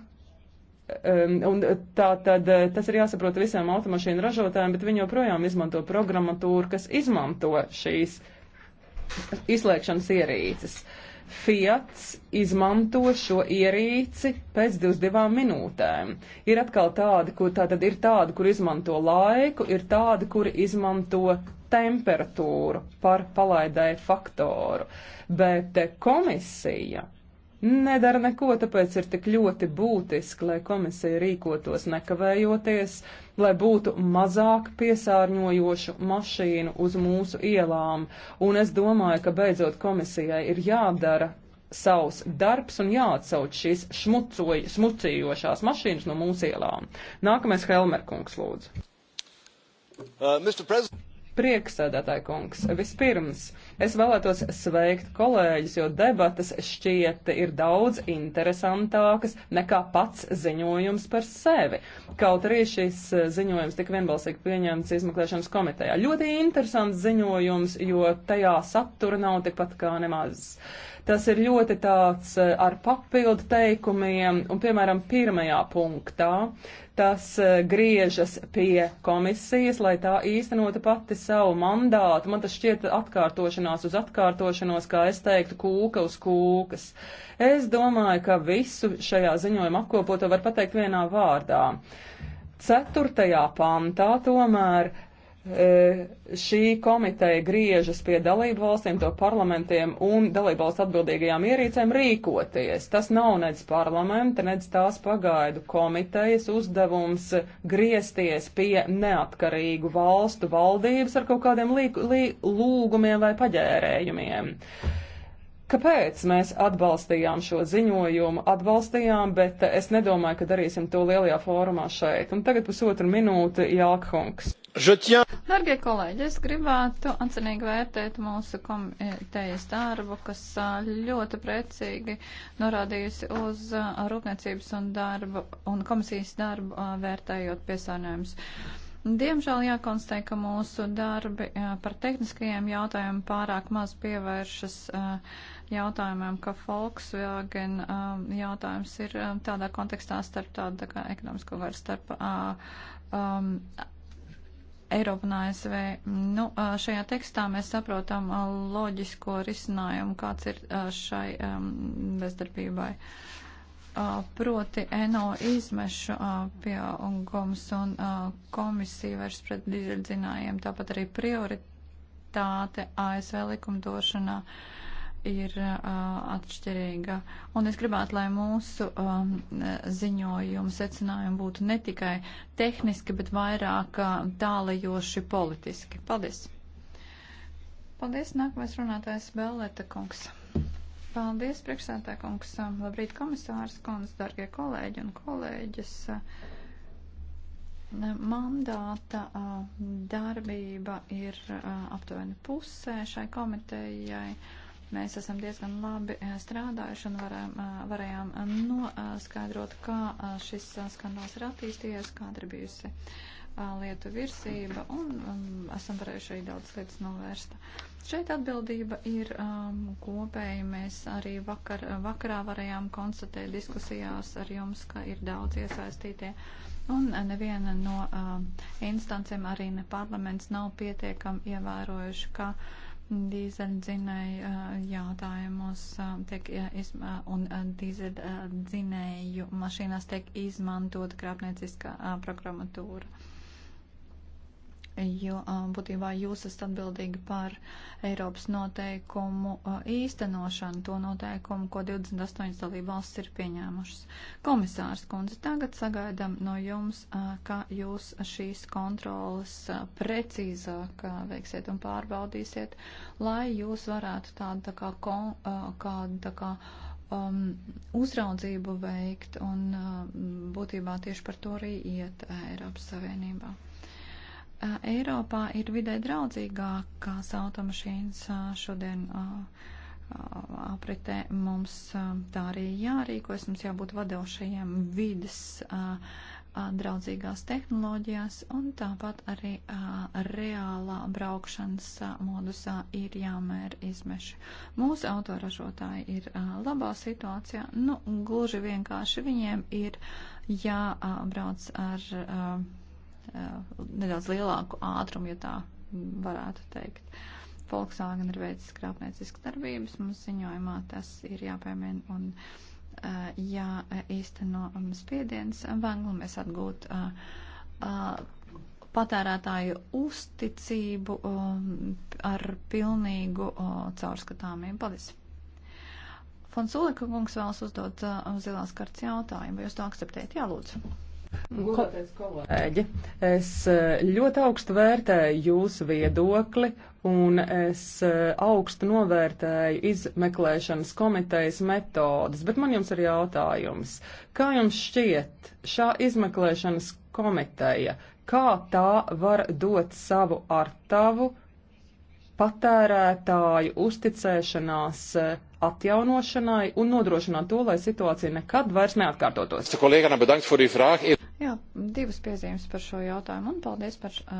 Um, un tā tad eh, tas ir jāsaprot visiem automašīnu ražotājiem, bet viņi joprojām izmanto programmatūru, kas izmanto šīs izslēgšanas ierīces. Fiats izmanto šo ierīci pēc 22 minūtēm. Ir atkal tādi, kur tā tad ir tādi, kur izmanto laiku, ir tādi, kur izmanto temperatūru par palaidēju faktoru. Bet eh, komisija nedara neko, tāpēc ir tik ļoti būtiski, lai komisija rīkotos nekavējoties, lai būtu mazāk piesārņojošu mašīnu uz mūsu ielām. Un es domāju, ka beidzot komisijai ir jādara savs darbs un jāatsauc šīs šmucoja, smucījošās mašīnas no mūsu ielām. Nākamais Helmerkungs lūdzu. Uh, Prieksēdētāji kungs, vispirms es vēlētos sveikt kolēģis, jo debatas šķiet ir daudz interesantākas nekā pats ziņojums par sevi. Kaut arī šis ziņojums tik vienbalsīgi pieņemts izmeklēšanas komitejā. Ļoti interesants ziņojums, jo tajā satura nav tikpat kā nemaz. Tas ir ļoti tāds eh, ar papildu teikumiem, un piemēram, pirmajā punktā Tas e, griežas pie komisijas, lai tā īstenotu pati savu mandātu. Man tas šķiet atkārtošanās uz atkārtošanos, kā es teiktu, kūka uz kūkas. Es domāju, ka visu šajā ziņojuma apkopoto var pateikt vienā vārdā. Ceturtajā pantā tomēr E, šī komiteja griežas pie dalību valstīm, to parlamentiem un dalību valsts atbildīgajām ierīcēm rīkoties. Tas nav nec parlamenta, nec tās pagaidu komitejas uzdevums griezties pie neatkarīgu valstu valdības ar kaut kādiem lī, lī, lūgumiem vai paģērējumiem. Kāpēc mēs atbalstījām šo ziņojumu? Atbalstījām, bet es nedomāju, ka darīsim to lielajā fórumā šeit. Un tagad pusotru minūti Jākhungs. Tien... Dargie kolēģi, es gribētu atcenīgi vērtēt mūsu komitejas darbu, kas ļoti precīgi norādījusi uz rūpniecības un, darba, un komisijas darbu vērtējot piesārņojumus. Diemžēl jākonstatē, ka mūsu darbi par tehniskajiem jautājumiem pārāk maz pievēršas jautājumiem, ka Volkswagen jautājums ir tādā kontekstā starp tādu tā kā ekonomisko varu starp um, Eiropa un ASV. Nu, šajā tekstā mēs saprotam loģisko risinājumu, kāds ir šai bezdarbībai. Proti NO izmešu pieaugums un komisija vairs pret dīzeļdzinājiem, tāpat arī prioritāte ASV likumdošanā. Uh, ir uh, atšķirīga. Un es gribētu, lai mūsu um, ziņojumu secinājumi būtu ne tikai tehniski, bet vairāk uh, tālajoši politiski. Paldies! Paldies! Nākamais runātājs Bēlēta kungs. Paldies, priekšsētā kungs. Labrīt, komisārs kungs, dargie kolēģi un kolēģis. Mandāta darbība ir aptuveni pusē šai komitejai Mēs esam diezgan labi eh, strādājuši un varam, eh, varējām noskaidrot, kā eh, šis skandāls ir attīstījies, kāda ir bijusi lietu virsība un um, esam varējuši arī daudz lietas novērst. Šeit atbildība ir um, ehm, kopēja. Mēs arī vakar, vakarā varējām konstatēt diskusijās ar jums, ka ir daudz iesaistītie. Un neviena no uh, um, instancēm, arī ne parlaments, nav pietiekami ievērojuši, ka uh, dīzeļdzinēju jautājumos tiek izma, un dīzeļdzinēju mašīnās tiek izmantota krāpnieciskā programmatūra jo būtībā jūs esat atbildīgi par Eiropas noteikumu īstenošanu, to noteikumu, ko 28 dalība valsts ir pieņēmušas. Komisārs kundze, tagad sagaidam no jums, ka jūs šīs kontrolas precīzāk veiksiet un pārbaudīsiet, lai jūs varētu tādu tā kā, kon, kādu tā kā um, uzraudzību veikt, un uh, būtībā tieši par to arī iet Eiropas Savienībā. Eiropā ir vidē draudzīgākās automašīnas šodien apritē. Mums tā arī jārīkojas, mums jābūt vadošajiem vides draudzīgās tehnoloģijās un tāpat arī reālā braukšanas modusā ir jāmēra izmeši. Mūsu autoražotāji ir labā situācijā, nu, gluži vienkārši viņiem ir jābrauc ar. A, Uh, nedaudz lielāku ātrumu, ja tā varētu teikt. Volkswagen ir veicis krāpnieciskas darbības, mums ziņojumā tas ir jāpiemina un uh, jāīsteno um, spiediens vēlamies atgūt uh, patērētāju uzticību um, ar pilnīgu caurskatāmību. Paldies! Fonsulika kungs vēlas uzdot zilās kartas jautājumu. Vai jūs to akceptējat? Jā, lūdzu. Kolēģi, es eh, ļoti augstu vērtēju jūsu viedokli un es eh, augstu novērtēju izmeklēšanas komitejas metodas, bet man jums ir jautājums. Kā jums šķiet šā izmeklēšanas komiteja, kā tā var dot savu artavu patērētāju uzticēšanās eh, atjaunošanai un nodrošināt to, lai situācija nekad vairs neatkārtotos. Jā, divas piezīmes par šo jautājumu un paldies par uh,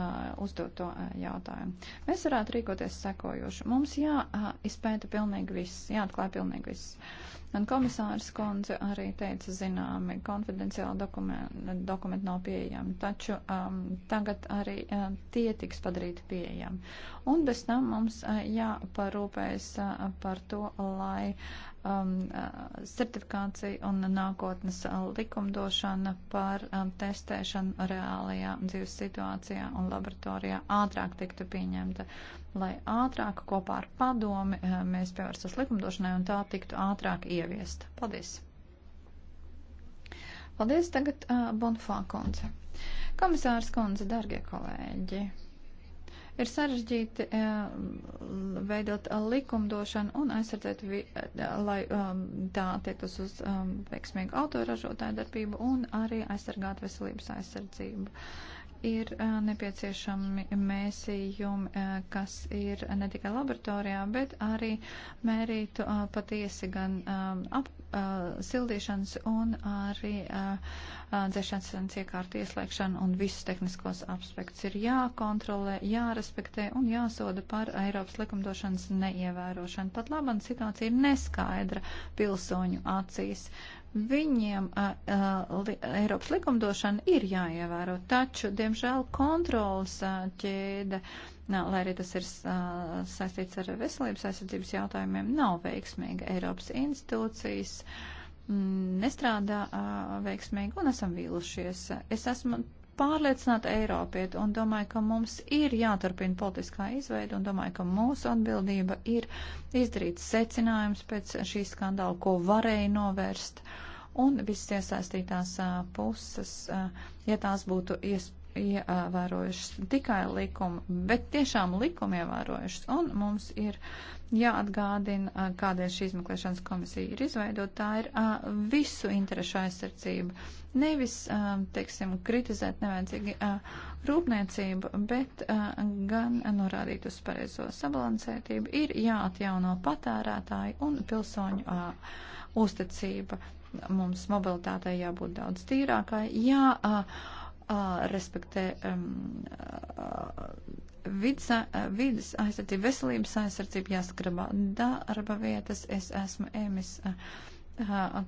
uzdoto uh, jautājumu. Mēs varētu rīkoties sekojoši. Mums jāizpēta uh, pilnīgi viss, jāatklāja pilnīgi viss. Uh, Un komisārs Konze arī teica, zināmi, konfidenciāli dokumenti, dokumenti nav pieejami, taču um, tagad arī uh, tie tiks padarīti pieejami. Un bez tam mums uh, jāparūpējas uh, par to, lai um, uh, certifikācija un nākotnes uh, likumdošana par um, testēšanu reālajā dzīves situācijā un laboratorijā ātrāk tiktu pieņemta lai ātrāk kopā ar padomi eh, mēs pievērstos likumdošanai un tā tiktu ātrāk ieviesta. Paldies! Paldies tagad uh, Bonfā kundze. Komisārs kundze, dargie kolēģi! ir sarežģīti eh, veidot likumdošanu un aizsardzēt, lai um, tā attiektos uz um, veiksmīgu autoražotāju darbību un arī aizsargāt veselības aizsardzību ir nepieciešami mēsījumi, kas ir ne tikai laboratorijā, bet arī mērītu patiesi gan ap, sildīšanas un arī dzēšanas iekārtu ieslēgšanu un visus tehniskos aspektus ir jākontrolē, jārespektē un jāsoda par Eiropas likumdošanas neievērošanu. Pat labam situācija ir neskaidra pilsoņu acīs. Viņiem a, a, li, Eiropas likumdošana ir jāievēro, taču, diemžēl, kontrolas a, ķēde, nā, lai arī tas ir a, saistīts ar veselības aizsardzības jautājumiem, nav veiksmīga. Eiropas institūcijas m, nestrādā a, veiksmīgi un esam vīlušies. Es esmu pārliecināta Eiropieta un domāju, ka mums ir jāturpina politiskā izveida un domāju, ka mūsu atbildība ir izdarīt secinājums pēc šī skandāla, ko varēja novērst. Un visas iesaistītās puses, ja tās būtu iespējams ievērojušas ne tikai likumu, bet tiešām likumu ievērojušas. Un mums ir jāatgādina, kādēļ šī izmeklēšanas komisija ir izveidota. Tā ir uh, visu interešu aizsardzība. Nevis, uh, teiksim, kritizēt nevajadzīgi uh, rūpniecību, bet uh, gan norādīt uz pareizo sabalansētību. Ir jāatjauno patērētāji un pilsoņu uh, uzticība. Mums mobilitātei jābūt daudz tīrākai. Jā, uh, respektē um, vidas, vidas aizsardzību, veselības aizsardzību jāsakrabā darba vietas. Es esmu ēmis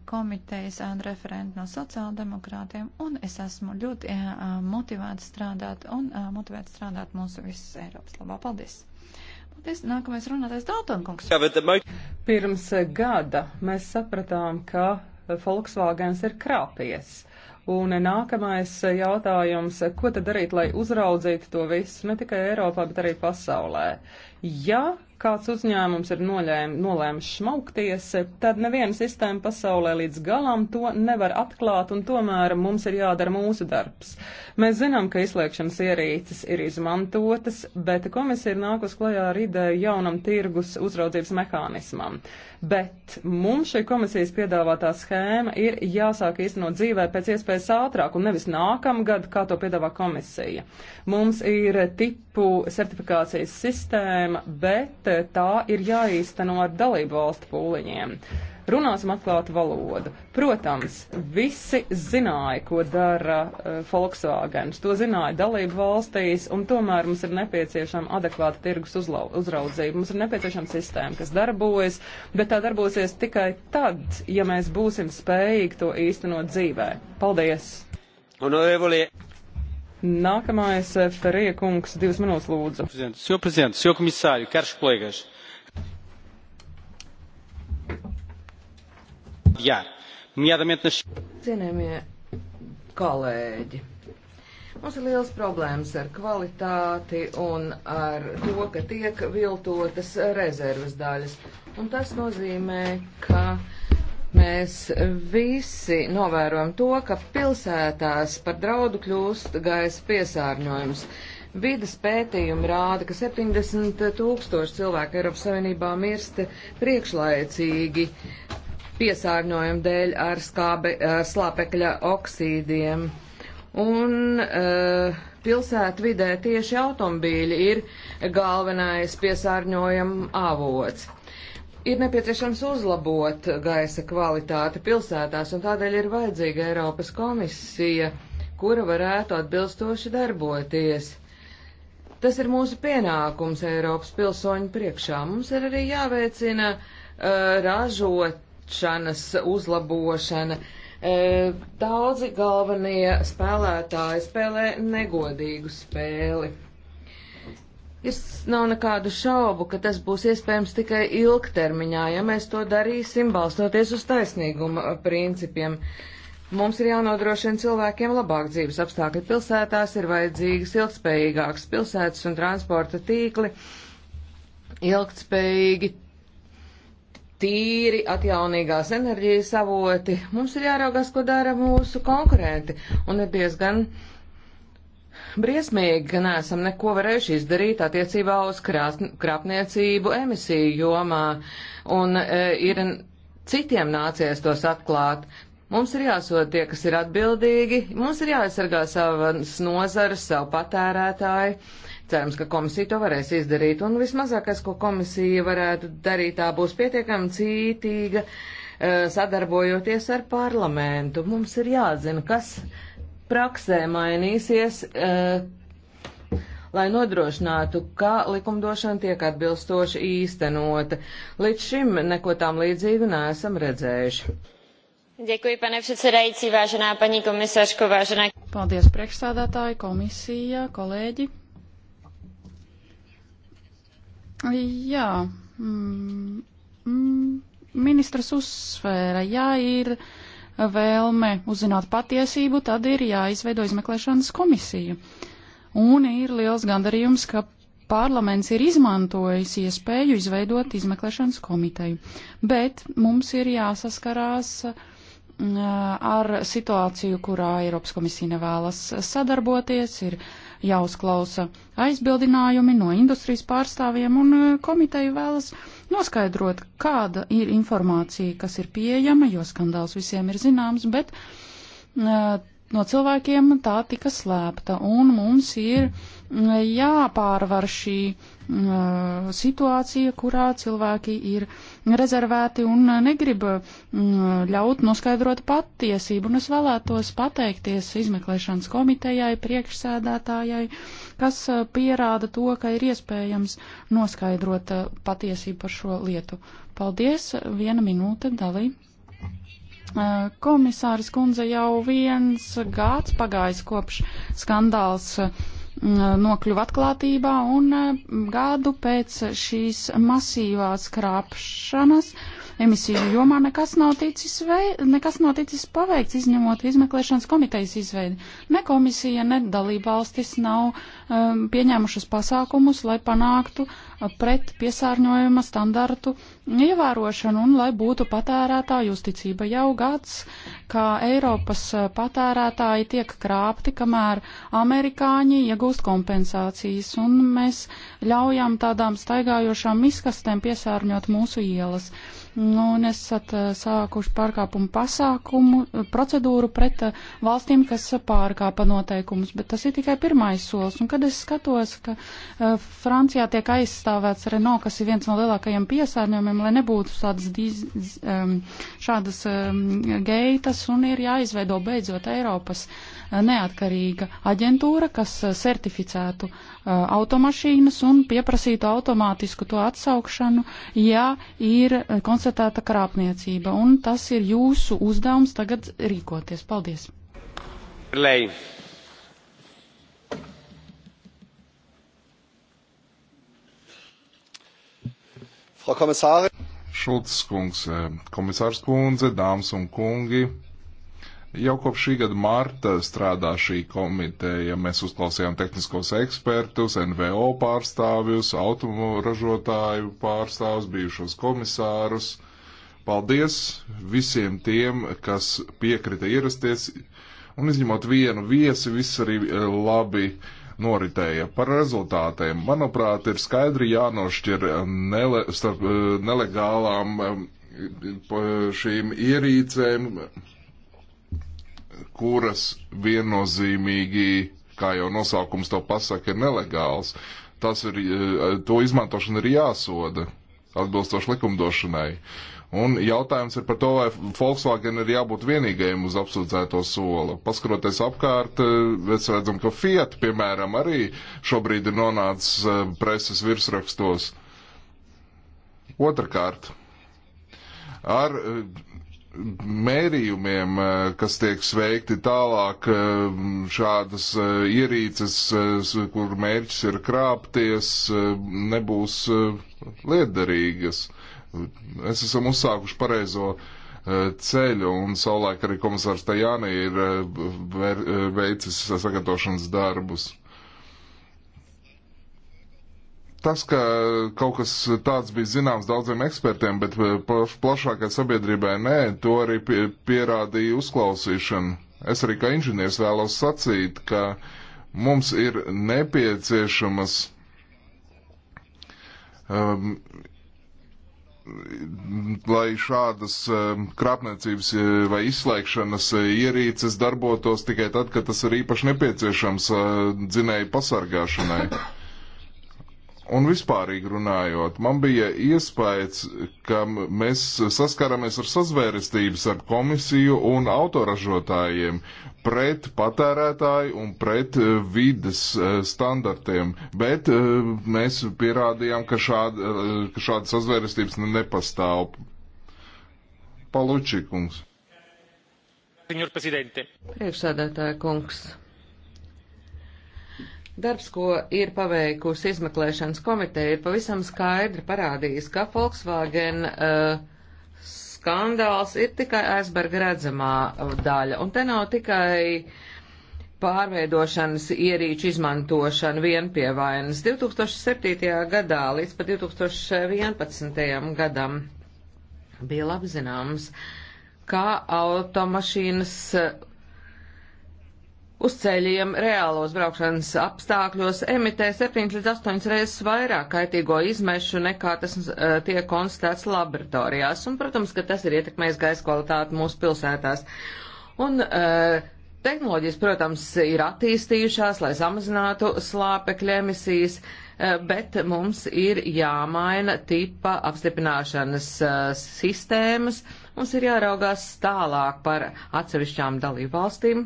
komitejas un referenti no sociāldemokrātiem, un es esmu ļoti motivēts strādāt un motivēts strādāt mūsu visas Eiropas labā. Paldies! Paldies! Nākamais runātais Daltonkungs. Pirms gada mēs sapratām, ka Volkswagens ir krāpies Un nākamais jautājums, ko tad darīt, lai uzraudzītu to visu, ne tikai Eiropā, bet arī pasaulē? Ja kāds uzņēmums ir noļēm, nolēmis šmaukties, tad neviena sistēma pasaulē līdz galam to nevar atklāt, un tomēr mums ir jādara mūsu darbs. Mēs zinām, ka izliekšanas ierīces ir izmantotas, bet komisija ir nākus klajā ar ideju jaunam tirgus uzraudzības mehānismam bet mums šī komisijas piedāvātā schēma ir jāsāk īstenot dzīvē pēc iespējas ātrāk un nevis nākamgad, kā to piedāvā komisija. Mums ir tipu certifikācijas sistēma, bet tā ir jāīsteno ar dalību valstu pūliņiem. Runāsim atklātu valodu. Protams, visi zināja, ko dara uh, Volkswagens. To zināja dalību valstīs, un tomēr mums ir nepieciešama adekvāta tirgus uzlau, uzraudzība. Mums ir nepieciešama sistēma, kas darbojas, bet tā darbosies tikai tad, ja mēs būsim spējīgi to īstenot dzīvē. Paldies! Honorevoli. Nākamais eh, Ferija kungs, divas minūtes lūdzu. Senhor Presidente, Senhor Comissário, caros colegas. Jā, mjādamiet neš. Cienējamie kolēģi, mums ir liels problēmas ar kvalitāti un ar to, ka tiek viltotas rezervas daļas. Un tas nozīmē, ka Mēs visi novērojam to, ka pilsētās par draudu kļūst gaisa piesārņojums. Vides pētījumi rāda, ka 70 tūkstoši cilvēku Eiropas Savienībā mirst priekšlaicīgi piesārņojuma dēļ ar, skābe, ar slāpekļa oksīdiem. Un uh, pilsētvidē tieši automobīļi ir galvenais piesārņojuma avots. Ir nepieciešams uzlabot gaisa kvalitāti pilsētās, un tādēļ ir vajadzīga Eiropas komisija, kura varētu atbilstoši darboties. Tas ir mūsu pienākums Eiropas pilsoņu priekšā. Mums ir arī jāveicina uh, ražot šanas uzlabošana. E, daudzi galvenie spēlētāji spēlē negodīgu spēli. Es nav nekādu šaubu, ka tas būs iespējams tikai ilgtermiņā, ja mēs to darīsim balstoties uz taisnīguma principiem. Mums ir jānodrošina cilvēkiem labāk dzīves apstākļi. Pilsētās ir vajadzīgas ilgspējīgākas pilsētas un transporta tīkli, ilgspējīgi tīri atjaunīgās enerģijas avoti, mums ir jāraugās, ko dara mūsu konkurenti. Un ir diezgan briesmīgi, ka neesam neko varējuši izdarīt attiecībā uz krās, krāpniecību emisiju jomā. Un e, ir citiem nācies tos atklāt. Mums ir jāsod tie, kas ir atbildīgi, mums ir jāaizsargā savas nozares, savu patērētāju Cerams, ka komisija to varēs izdarīt, un vismazākais, ko komisija varētu darīt, tā būs pietiekami cītīga, eh, sadarbojoties ar parlamentu. Mums ir jāzina, kas praksē mainīsies, eh, lai nodrošinātu, ka likumdošana tiek atbilstoši īstenota. Līdz šim neko tām līdzīgu neesam redzējuši. Děkuji, pane předsedající, vážená paní komisařko, vážená. Paldies, priekšsādātāji, komisija, kolēģi. Jā. Mm, mm, ministrs uzsvēra, ja ir vēlme uzzināt patiesību, tad ir jāizveido izmeklēšanas komisija. Un ir liels gandarījums, ka parlaments ir izmantojis iespēju izveidot izmeklēšanas komiteju. Bet mums ir jāsaskarās mm, ar situāciju, kurā Eiropas komisija nevēlas sadarboties, ir jāuzklausa aizbildinājumi no industrijas pārstāvjiem, un uh, komiteja vēlas noskaidrot, kāda ir informācija, kas ir pieejama, jo skandāls visiem ir zināms, bet uh, no cilvēkiem tā tika slēpta, un mums ir jāpārvar šī mm, uh, situācija, kurā cilvēki ir rezervēti un negrib mm, ļaut noskaidrot patiesību. Un es vēlētos pateikties izmeklēšanas komitejai, priekšsēdētājai, kas uh, pierāda to, ka ir iespējams noskaidrot uh, patiesību par šo lietu. Paldies, viena minūte dalī. Komisāris kundze jau viens gads pagājis kopš skandāls Mm, nokļuva atklātībā un mm, gadu pēc šīs masīvās krāpšanas uh, emisiju jomā nekas nav ticis, vei, nekas nav ticis paveikts, izņemot izmeklēšanas komitejas izveidi. Ne komisija, ne dalībvalstis nav um, pieņēmušas pasākumus, lai panāktu uh, pret piesārņojuma standartu ievērošanu un lai būtu patērētāju uzticība. Jau gads, kā Eiropas uh, patērētāji tiek krāpti, kamēr amerikāņi iegūst kompensācijas, un mēs ļaujam tādām staigājošām miskastēm piesārņot mūsu ielas. Uh, Nu, un esat eh, sākuši pārkāpumu pasākumu, eh, procedūru pret eh, valstīm, kas pārkāpa noteikumus, bet tas ir tikai pirmais solis. Un kad es skatos, ka Francijā tiek aizstāvēts Renault, kas ir viens no lielākajiem piesārņojumiem, lai nebūtu tādas diz, šādas geitas un ir jāizveido beidzot Eiropas neatkarīga aģentūra, kas eh, certificētu eh, automašīnas un pieprasītu automātisku to atsaukšanu, ja ir eh, konstatēta krāpniecība. Un tas ir jūsu uzdevums tagad rīkoties. Paldies! Lei. Frau Kommissarin. Šulcs kungs, komisārs kundze, dāmas un kungi, Jau kopš šī gada marta strādā šī komiteja. Mēs uzklausījām tehniskos ekspertus, NVO pārstāvjus, automoražotāju pārstāvjus, bijušos komisārus. Paldies visiem tiem, kas piekrita ierasties. Un izņemot vienu viesi, viss arī e, labi noritēja. Par rezultātiem, manuprāt, ir skaidri jānošķir nele, starp e, nelegālām e, šīm ierīcēm kuras viennozīmīgi, kā jau nosaukums to pasaka, ir nelegāls. Tas ir, eh, to izmantošana ir jāsoda atbilstoši likumdošanai. Un jautājums ir par to, vai Volkswagen ir jābūt vienīgajam uz apsūdzēto sola. Paskaroties apkārt, eh, mēs redzam, ka Fiat, piemēram, arī šobrīd ir nonācis eh, preses virsrakstos. Otrakārt, ar mērījumiem, eh, kas tiek sveikti tālāk eh, šādas eh, ierīces, kur mērķis ir krāpties, nebūs liederīgas. Mēs esam uzsākuši pareizo ceļu, un savulaik arī komisārs Tajāni ir veicis sagatavošanas darbus. Tas, ka kaut kas tāds bija zināms daudziem ekspertiem, bet eh, plašākai sabiedrībai nē, to arī pierādīja uzklausīšana. Es arī kā inženieris vēlos sacīt, ka mums ir nepieciešamas um, lai šādas ehm, krāpniecības eh, vai izslēgšanas eh, ierīces darbotos tikai tad, kad tas ir īpaši nepieciešams dzinēju pasargāšanai. Un vispārīgi runājot, man bija iespējas, ka mēs saskaramies ar sazvērestības ar komisiju un autoražotājiem pret patērētāju un pret e, vides e, standartiem, bet e, mēs pierādījām, ka šāda, ka šāda sazvērestības nepastāv. Palučikums. Priekšsēdētāja kungs. Darbs, ko ir paveikusi izmeklēšanas komiteja, ir pavisam skaidri parādījis, ka Volkswagen uh, skandāls ir tikai aizberga redzamā daļa. Un te nav tikai pārveidošanas ierīču izmantošana vien pie vainas. 2007. gadā līdz pat 2011. gadam bija labzināms, kā automašīnas uz ceļiem reālos braukšanas apstākļos emitē 7 līdz 8 reizes vairāk kaitīgo izmešu nekā tas uh, tiek konstatēts laboratorijās. Un, protams, ka tas ir ietekmējis gaisa kvalitāti mūsu pilsētās. Un, uh, Tehnoloģijas, protams, ir attīstījušās, lai samazinātu slāpekļu emisijas, eh, bet mums ir jāmaina tipa apstiprināšanas sistēmas. Mums ir jāraugās tālāk par atsevišķām dalību valstīm,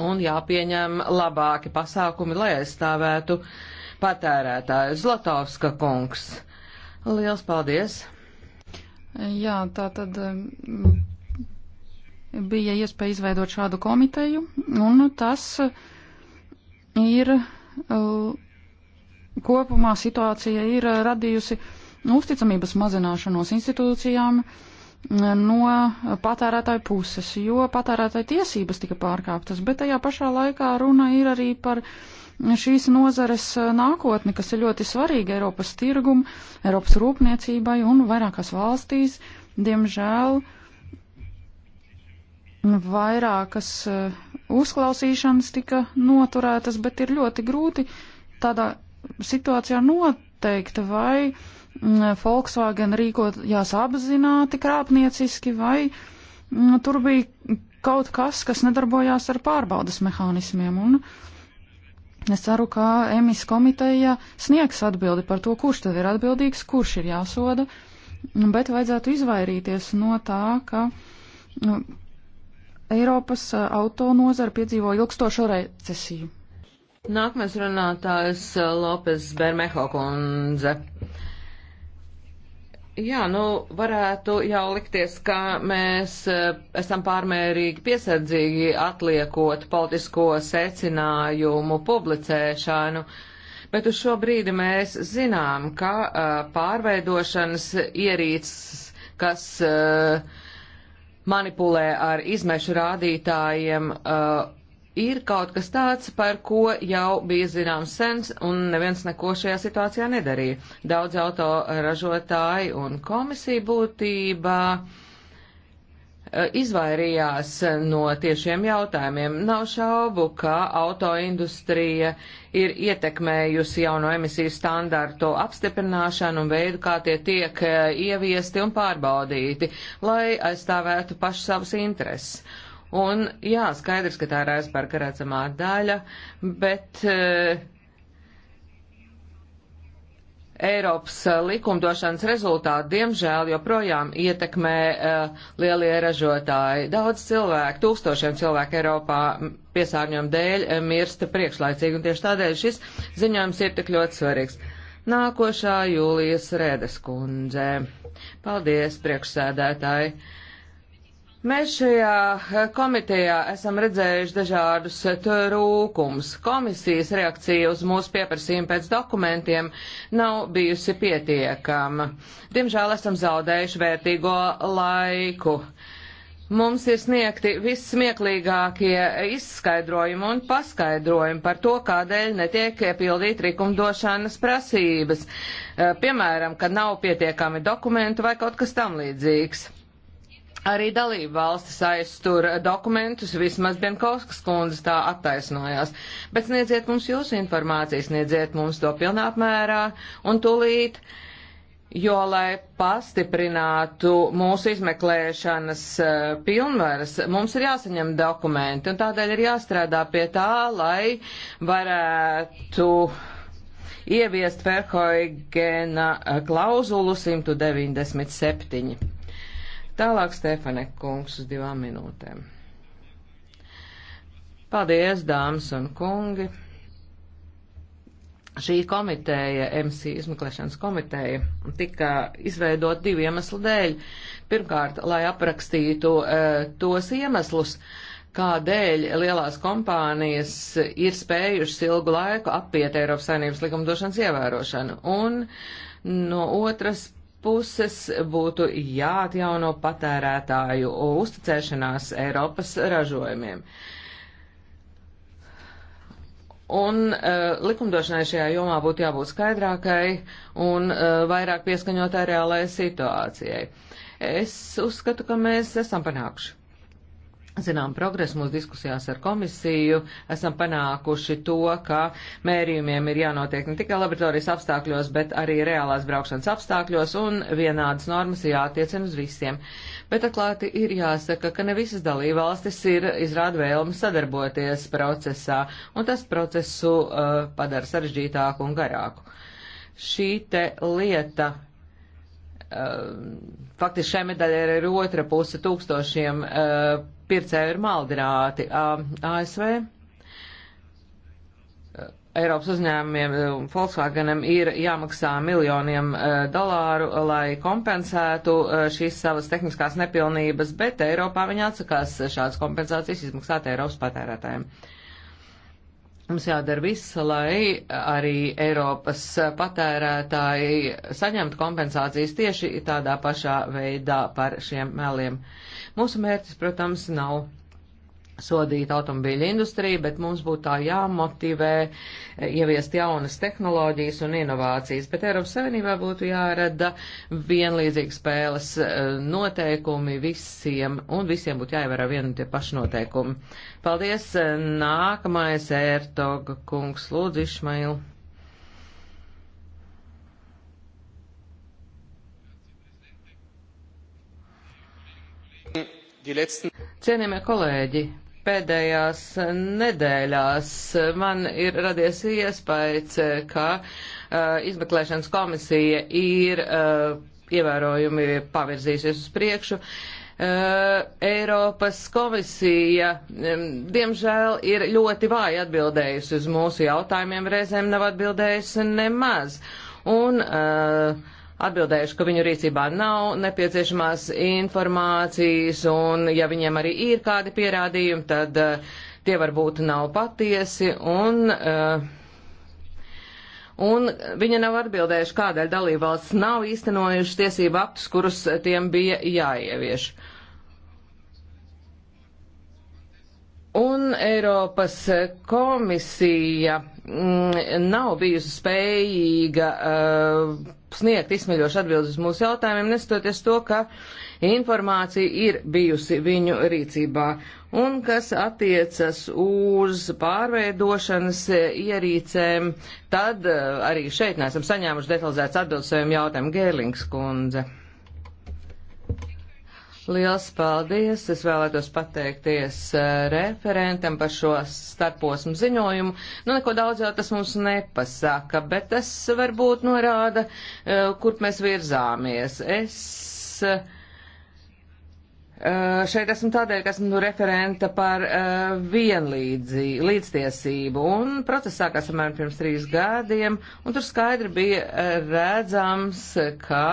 un jāpieņem labāki pasākumi, lai aizstāvētu patērētāju. Zlatovska kungs. Liels paldies! Jā, tā tad bija iespēja izveidot šādu komiteju, un tas ir e, kopumā situācija ir radījusi uzticamības mazināšanos institūcijām. Uh, no patērētāju puses, jo patērētāju tiesības tika pārkāptas, bet tajā pašā laikā runa ir arī par šīs nozares nākotni, kas ir ļoti svarīga Eiropas tirgumu, Eiropas rūpniecībai un vairākās valstīs, diemžēl, vairākas uh, uzklausīšanas tika noturētas, bet ir ļoti grūti tādā situācijā noteikt, vai uh, Mm, Volkswagen rīkojās apzināti krāpnieciski, vai mm, tur bija kaut kas, kas nedarbojās ar pārbaudas mehānismiem. Un es ceru, ka emis komiteja sniegs atbildi par to, kurš tad ir atbildīgs, kurš ir jāsoda, bet vajadzētu izvairīties no tā, ka mm, Eiropas eh, auto nozara piedzīvo ilgstošo recesiju. Nākamais runātājs eh, Lopes Bermeho kundze. Jā, nu varētu jau likties, ka mēs e, esam pārmērīgi piesardzīgi atliekot politisko secinājumu publicēšanu, bet uz šo brīdi mēs zinām, ka e, pārveidošanas ierīces, kas e, manipulē ar izmešu rādītājiem, ir kaut kas tāds, par ko jau bija zināms sens, un neviens neko šajā situācijā nedarīja. Daudz autoražotāji un komisija būtībā e, izvairījās no tiešiem jautājumiem. Nav šaubu, ka autoindustrija ir ietekmējusi jauno emisiju standartu apstiprināšanu un veidu, kā tie tiek e, ieviesti un pārbaudīti, lai aizstāvētu pašu savus intereses Un jā, skaidrs, ka tā ir aizpērka redzamā daļa, bet uh, Eiropas likumdošanas rezultāti, diemžēl, joprojām ietekmē uh, lielie ražotāji. Daudz cilvēku, tūkstošiem cilvēku Eiropā piesārņojumu dēļ eh, mirsta priekšlaicīgi, un tieši tādēļ šis ziņojums ir tik ļoti svarīgs. Nākošā jūlijas Rēdes kundze. Paldies, priekšsēdētāji! Uh, Mēs šajā komitejā esam redzējuši dažādus eh, trūkums. Komisijas reakcija uz mūsu pieprasījumu pēc dokumentiem nav bijusi pietiekama. Diemžēl esam zaudējuši vērtīgo laiku. Mums ir sniegti vissmieklīgākie izskaidrojumi un paskaidrojumi par to, kādēļ netiek piepildīt likumdošanas prasības, eh, piemēram, ka nav pietiekami dokumentu vai kaut kas tam līdzīgs. Arī dalība valstis aiztur dokumentus, vismaz Bienkauskas kundze tā attaisnojās. Bet sniedziet mums jūsu informāciju, sniedziet mums to pilnā apmērā un tūlīt, jo, lai pastiprinātu mūsu izmeklēšanas eh, pilnvaras, mums ir jāsaņem dokumenti un tādēļ ir jāstrādā pie tā, lai varētu ieviest Ferhoigena eh, klauzulu 197. Tālāk Stefanek kungs uz divām minūtēm. Paldies, dāmas un kungi! Šī komiteja, MC izmeklēšanas komiteja, tika izveidot divu iemeslu dēļ. Pirmkārt, lai aprakstītu uh, tos iemeslus, uh, kādēļ lielās kompānijas ir spējušas ilgu laiku apiet Eiropas saimnības likumdošanas ievērošanu. Un no otras puses būtu jāatjauno patērētāju uzticēšanās Eiropas ražojumiem. Un uh, likumdošanai šajā jomā būtu jābūt skaidrākai un uh, vairāk pieskaņotai reālajai situācijai. Es uzskatu, ka mēs esam panākuši Zinām, progresu mūsu diskusijās ar komisiju esam panākuši to, ka mērījumiem ir jānotiek ne tikai laboratorijas apstākļos, bet arī reālās braukšanas apstākļos un vienādas normas ir jātiecina uz visiem. Bet atklāti ir jāsaka, ka ne visas dalībvalstis ir izrāda vēlmi sadarboties procesā, un tas procesu uh, padara sarežģītāku un garāku. Šī te lieta Eh, faktiski šai medaļai ir arī otra puse tūkstošiem eh, pircēju ir maldināti eh, ASV. Eiropas uzņēmumiem Volkswagenam ir jāmaksā miljoniem dolāru, lai kompensētu šīs savas tehniskās nepilnības, bet Eiropā viņi atsakās šādas kompensācijas izmaksāt Eiropas patērētājiem. Uh, Mums jādara viss, lai arī Eiropas patērētāji saņemtu kompensācijas tieši tādā pašā veidā par šiem meliem. Mūsu mērķis, protams, nav sodīt automobīļu industriju, bet mums būtu tā jāmotivē eh, ieviest jaunas tehnoloģijas un inovācijas. Bet Eiropas Savienībā būtu jārada vienlīdzīgi spēles eh, noteikumi visiem, un visiem būtu jāievērā vienu un tie paši noteikumi. Paldies! Eh, nākamais ērtoga kungs Lūdzu Išmailu. Cienījamie kolēģi, pēdējās nedēļās man ir radies iespējas, ka uh, izmeklēšanas komisija ir uh, eh, ievērojumi pavirzīsies uz priekšu. Uh, Eiropas komisija, um, diemžēl, ir ļoti vāji atbildējusi uz mūsu jautājumiem, reizēm nav atbildējusi nemaz. Un, uh, atbildējuši, ka viņu rīcībā nav nepieciešamās informācijas, un ja viņiem arī ir kādi pierādījumi, tad uh, tie varbūt nav patiesi, un, uh, un viņa nav atbildējuši, kādēļ dalībvalsts nav īstenojuši tiesību aktus, kurus tiem bija jāievieš. Un Eiropas komisija Mm, nav bijusi spējīga uh, sniegt izsmeļošu atbildes uz mūsu jautājumiem, nestoties to, ka informācija ir bijusi viņu rīcībā. Un kas attiecas uz pārveidošanas e, ierīcēm, tad uh, arī šeit neesam saņēmuši detalizētas atbildes saviem jautājumiem Gērlings kundze. Liels paldies! Es vēlētos pateikties eh, referentam par šo starposmu ziņojumu. Nu, neko daudz jau tas mums nepasaka, bet tas varbūt norāda, eh, kur mēs virzāmies. Es eh, šeit esmu tādēļ, ka esmu referenta par vienlīdzī, līdztiesību. Un process sākās apmēram pirms trīs gadiem, un tur skaidri bija redzams, ka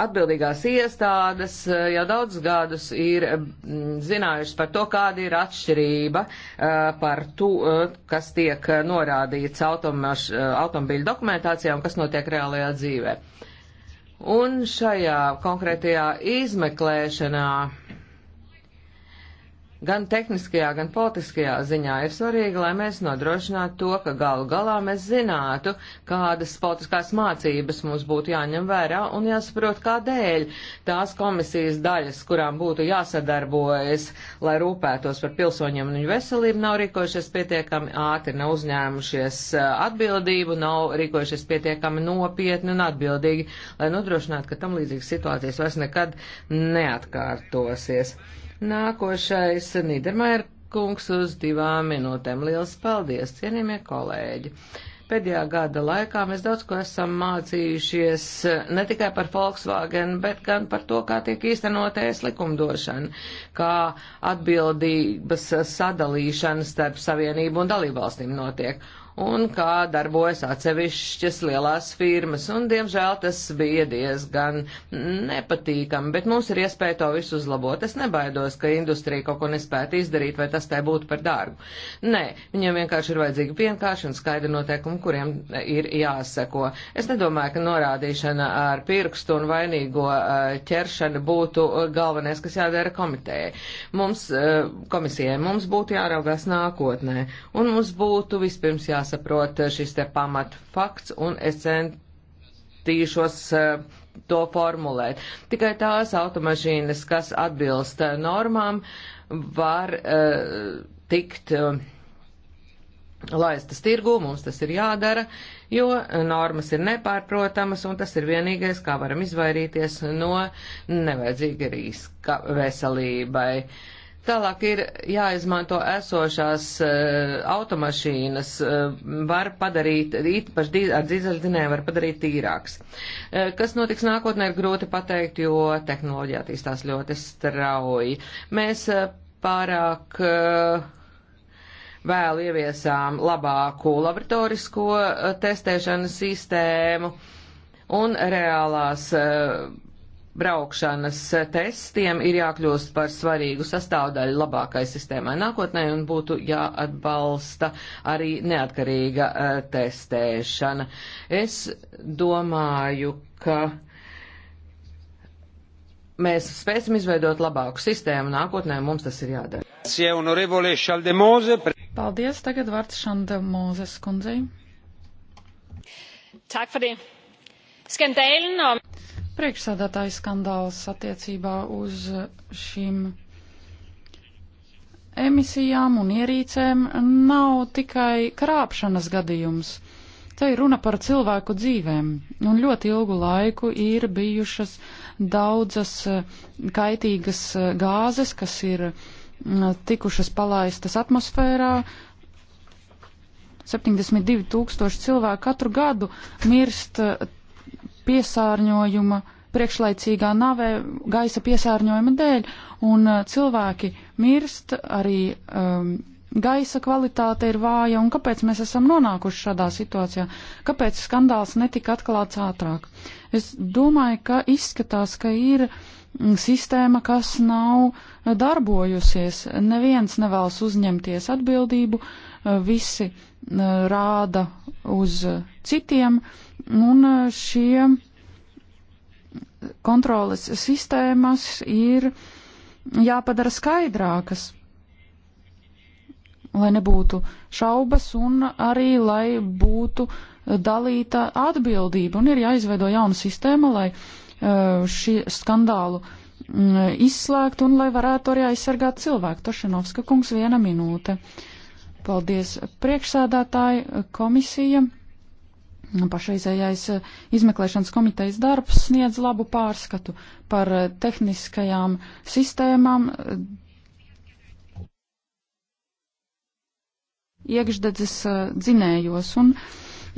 atbildīgās iestādes eh, jau daudz gadus ir mm, zinājušas par to, kāda ir atšķirība eh, par to, eh, kas tiek norādīts automobīļu dokumentācijā un kas notiek reālajā dzīvē. Un šajā konkrētajā izmeklēšanā gan tehniskajā, gan politiskajā ziņā ir svarīgi, lai mēs nodrošinātu to, ka galu galā mēs zinātu, kādas politiskās mācības mums būtu jāņem vērā un jāsaprot, kādēļ tās komisijas daļas, kurām būtu jāsadarbojas, lai rūpētos par pilsoņiem un viņu veselību, nav rīkojušies pietiekami ātri, nav uzņēmušies eh, atbildību, nav rīkojušies pietiekami nopietni un atbildīgi, lai nodrošinātu, ka tam līdzīgas situācijas vairs nekad neatkārtosies. Nākošais Nīdermēra kungs uz divām minūtēm. Liels paldies, cienījamie kolēģi! Pēdējā gada laikā mēs daudz ko esam mācījušies ne tikai par Volkswagen, bet gan par to, kā tiek īstenotēs likumdošana, kā atbildības sadalīšana starp savienību un dalībvalstīm notiek un kā darbojas atsevišķas lielās firmas, un diemžēl tas bija diezgan nepatīkami, bet mums ir iespēja to visu uzlabot. Es nebaidos, ka industrija kaut ko nespētu izdarīt, vai tas tai būtu par dārgu. Nē, viņiem vienkārši ir vajadzīgi vienkārši un skaidri noteikumi, kuriem ir jāseko. Es nedomāju, ka norādīšana ar pirkstu un vainīgo eh, ķeršana būtu eh, galvenais, kas jādara komitejai. Mums, eh, komisijai, mums būtu jāraugās nākotnē, un mums būtu vispirms jā jāsaprot eh, šis te pamat fakts, un es centīšos eh, to formulēt. Tikai tās automašīnas, kas atbilst eh, normām, var tikt laistas tirgū, mums tas ir jādara, jo normas ir nepārprotamas, un tas ir vienīgais, kā varam izvairīties no nevajadzīga riska veselībai. Uh, Tālāk ir jāizmanto esošās uh, automašīnas, uh, var padarīt, īpaši ar dīzeļdzinēju var padarīt tīrāks. Uh, kas notiks nākotnē ir grūti pateikt, jo tehnoloģija attīstās ļoti strauji. Mēs uh, pārāk. Uh, Vēl ieviesām labāku laboratorisko testēšanas sistēmu un reālās uh, braukšanas testiem ir jākļūst par svarīgu sastāvdaļu labākai sistēmai nākotnē un būtu jāatbalsta arī neatkarīga e, testēšana. Es domāju, ka mēs spēsim izveidot labāku sistēmu nākotnē, un mums tas ir jādara. Paldies, tagad vārds Šandemozes kundzei. Skandālen om priekšsēdētāja skandāls attiecībā uz šīm emisijām un ierīcēm nav tikai krāpšanas gadījums. Te ir runa par cilvēku dzīvēm, un ļoti ilgu laiku ir bijušas daudzas eh, kaitīgas eh, gāzes, kas ir mm, tikušas palaistas atmosfērā. 72 tūkstoši cilvēku katru gadu mirst eh, piesārņojuma, priekšlaicīgā navē, gaisa piesārņojuma dēļ, un uh, cilvēki mirst, arī um, gaisa kvalitāte ir vāja, un kāpēc mēs esam nonākuši šādā situācijā? Kāpēc skandāls netika atklāts ātrāk? Es domāju, ka izskatās, ka ir mm, sistēma, kas nav uh, darbojusies. Neviens nevēlas uzņemties atbildību, uh, visi rāda uz citiem, un uh, šie kontroles sistēmas ir jāpadara skaidrākas, lai nebūtu šaubas un arī lai būtu dalīta atbildība. Un ir jāizveido jauna sistēma, lai uh, šī skandālu mm, izslēgtu un lai varētu arī aizsargāt cilvēku. Tošinovska kungs viena minūte. Uh, Paldies priekšsēdētāji, komisija. Pašreizējais eh, izmeklēšanas komitejas darbs sniedz labu pārskatu par eh, tehniskajām sistēmām. Eh, iekšdedzes dzinējos un uh,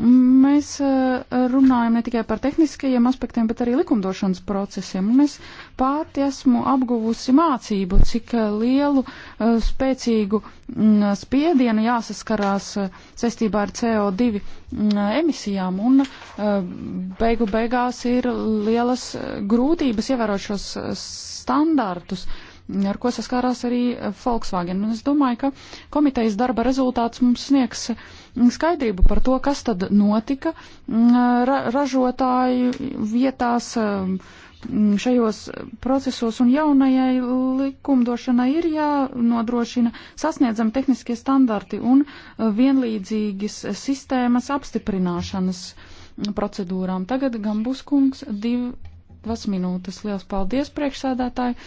Mēs eh, runājam ne tikai par tehniskajiem aspektiem, bet arī likumdošanas procesiem. Un es pati esmu apguvusi mācību, cik eh, lielu eh, spēcīgu mm, spiedienu jāsaskarās saistībā ar CO2 mm, emisijām. Un beigu beigās ir lielas grūtības ievērot šos standartus ar ko saskārās arī Volkswagen. Un es domāju, ka komitejas darba rezultāts mums sniegs mm, skaidrību par to, kas tad notika mm, ra ražotāju vietās mm, šajos procesos un jaunajai likumdošanai ir jānodrošina sasniedzami tehniskie standarti un vienlīdzīgas sistēmas apstiprināšanas procedūrām. Tagad gan būs kungs divas minūtes. Liels paldies priekšsēdētāji!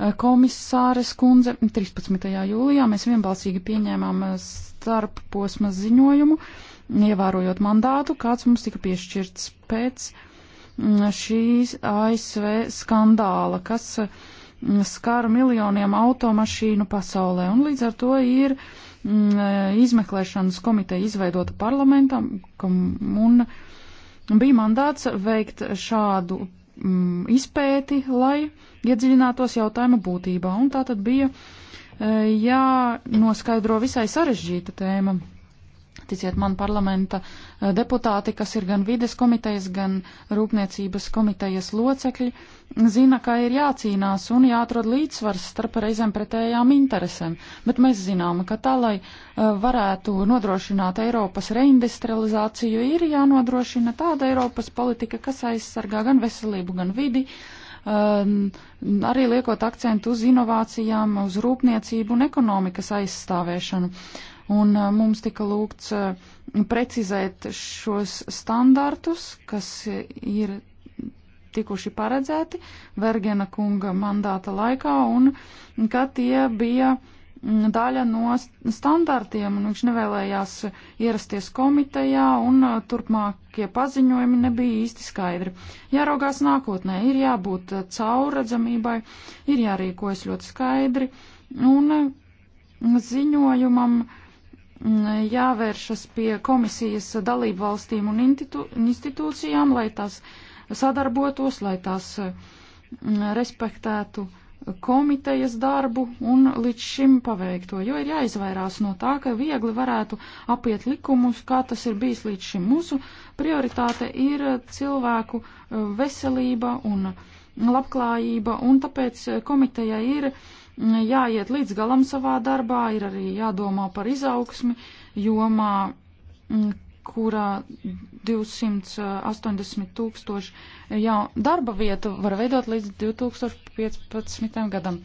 Eh, komisāres kundze, 13. jūlijā mēs vienbalsīgi pieņēmām eh, starp posma ziņojumu, ievērojot mandātu, kāds mums tika piešķirts pēc mm, šīs ASV skandāla, kas mm, skar miljoniem automašīnu pasaulē. Un līdz ar to ir mm, eh, izmeklēšanas komiteja izveidota parlamentam, un bija mandāts veikt šādu izpēti, lai iedziļinātos jautājuma būtībā, un tā tad bija e, jānoskaidro visai sarežģīta tēma. Ticiet man parlamenta e, deputāti, kas ir gan vides komitejas, gan rūpniecības komitejas locekļi, zina, ka ir jācīnās un jāatrod līdzsvars starp reizēm pretējām interesēm. Bet mēs zinām, ka tā, lai e, varētu nodrošināt Eiropas reindustrializāciju, ir jānodrošina tāda Eiropas politika, kas aizsargā gan veselību, gan vidi, uh, Ehm, arī liekot akcentu uz inovācijām, uz rūpniecību un ekonomikas aizstāvēšanu. Un eh, mums tika lūgts eh, precizēt šos standartus, kas eh, ir tikuši paredzēti Vergena kunga mandāta laikā un ka tie bija mm, daļa no standartiem, un viņš nevēlējās ierasties komitejā un turpmāk iepriekšējie paziņojumi nebija īsti skaidri. Jāraugās nākotnē, ir jābūt eh, caurredzamībai, ir jārīkojas ļoti skaidri un eh, ziņojumam mm, jāvēršas pie komisijas dalību valstīm un institūcijām, lai tās sadarbotos, lai tās mm, respektētu uh, komitejas darbu un līdz šim paveikto, jo ir jāizvairās no tā, ka viegli varētu apiet likumus, kā tas ir bijis līdz šim. Mūsu prioritāte ir cilvēku eh, veselība un labklājība, un tāpēc eh, komiteja ir mm, jāiet līdz galam savā darbā, ir arī jādomā par izaugsmi jomā, mm, kurā 280 tūkstoši jau darba vietu var veidot līdz 2015. gadam.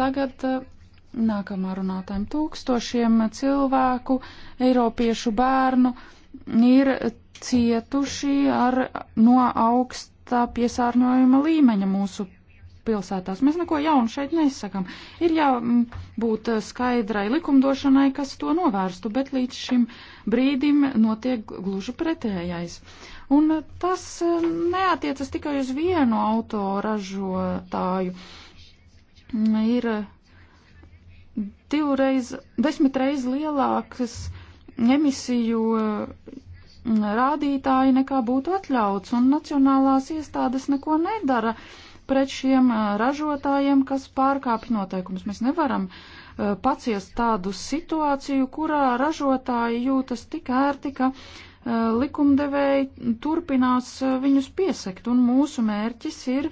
Tagad eh, nākamā runātājiem tūkstošiem cilvēku, eiropiešu bērnu ir cietuši ar no augsta piesārņojuma līmeņa mūsu pilsētās. Mēs neko jaunu šeit nesakam. Ir jābūt mm, eh, skaidrai likumdošanai, kas to novērstu, bet līdz šim brīdim notiek gluži pretējais. Un eh, tas eh, neatiecas tikai uz vienu autoražotāju. Mm, ir divreiz, desmitreiz lielākas emisiju rādītāji nekā būtu atļauts, un nacionālās iestādes neko nedara pret šiem ražotājiem, kas pārkāpj noteikumus. Mēs nevaram paciest tādu situāciju, kurā ražotāji jūtas tik ērti, ka likumdevēji turpinās viņus piesekt, un mūsu mērķis ir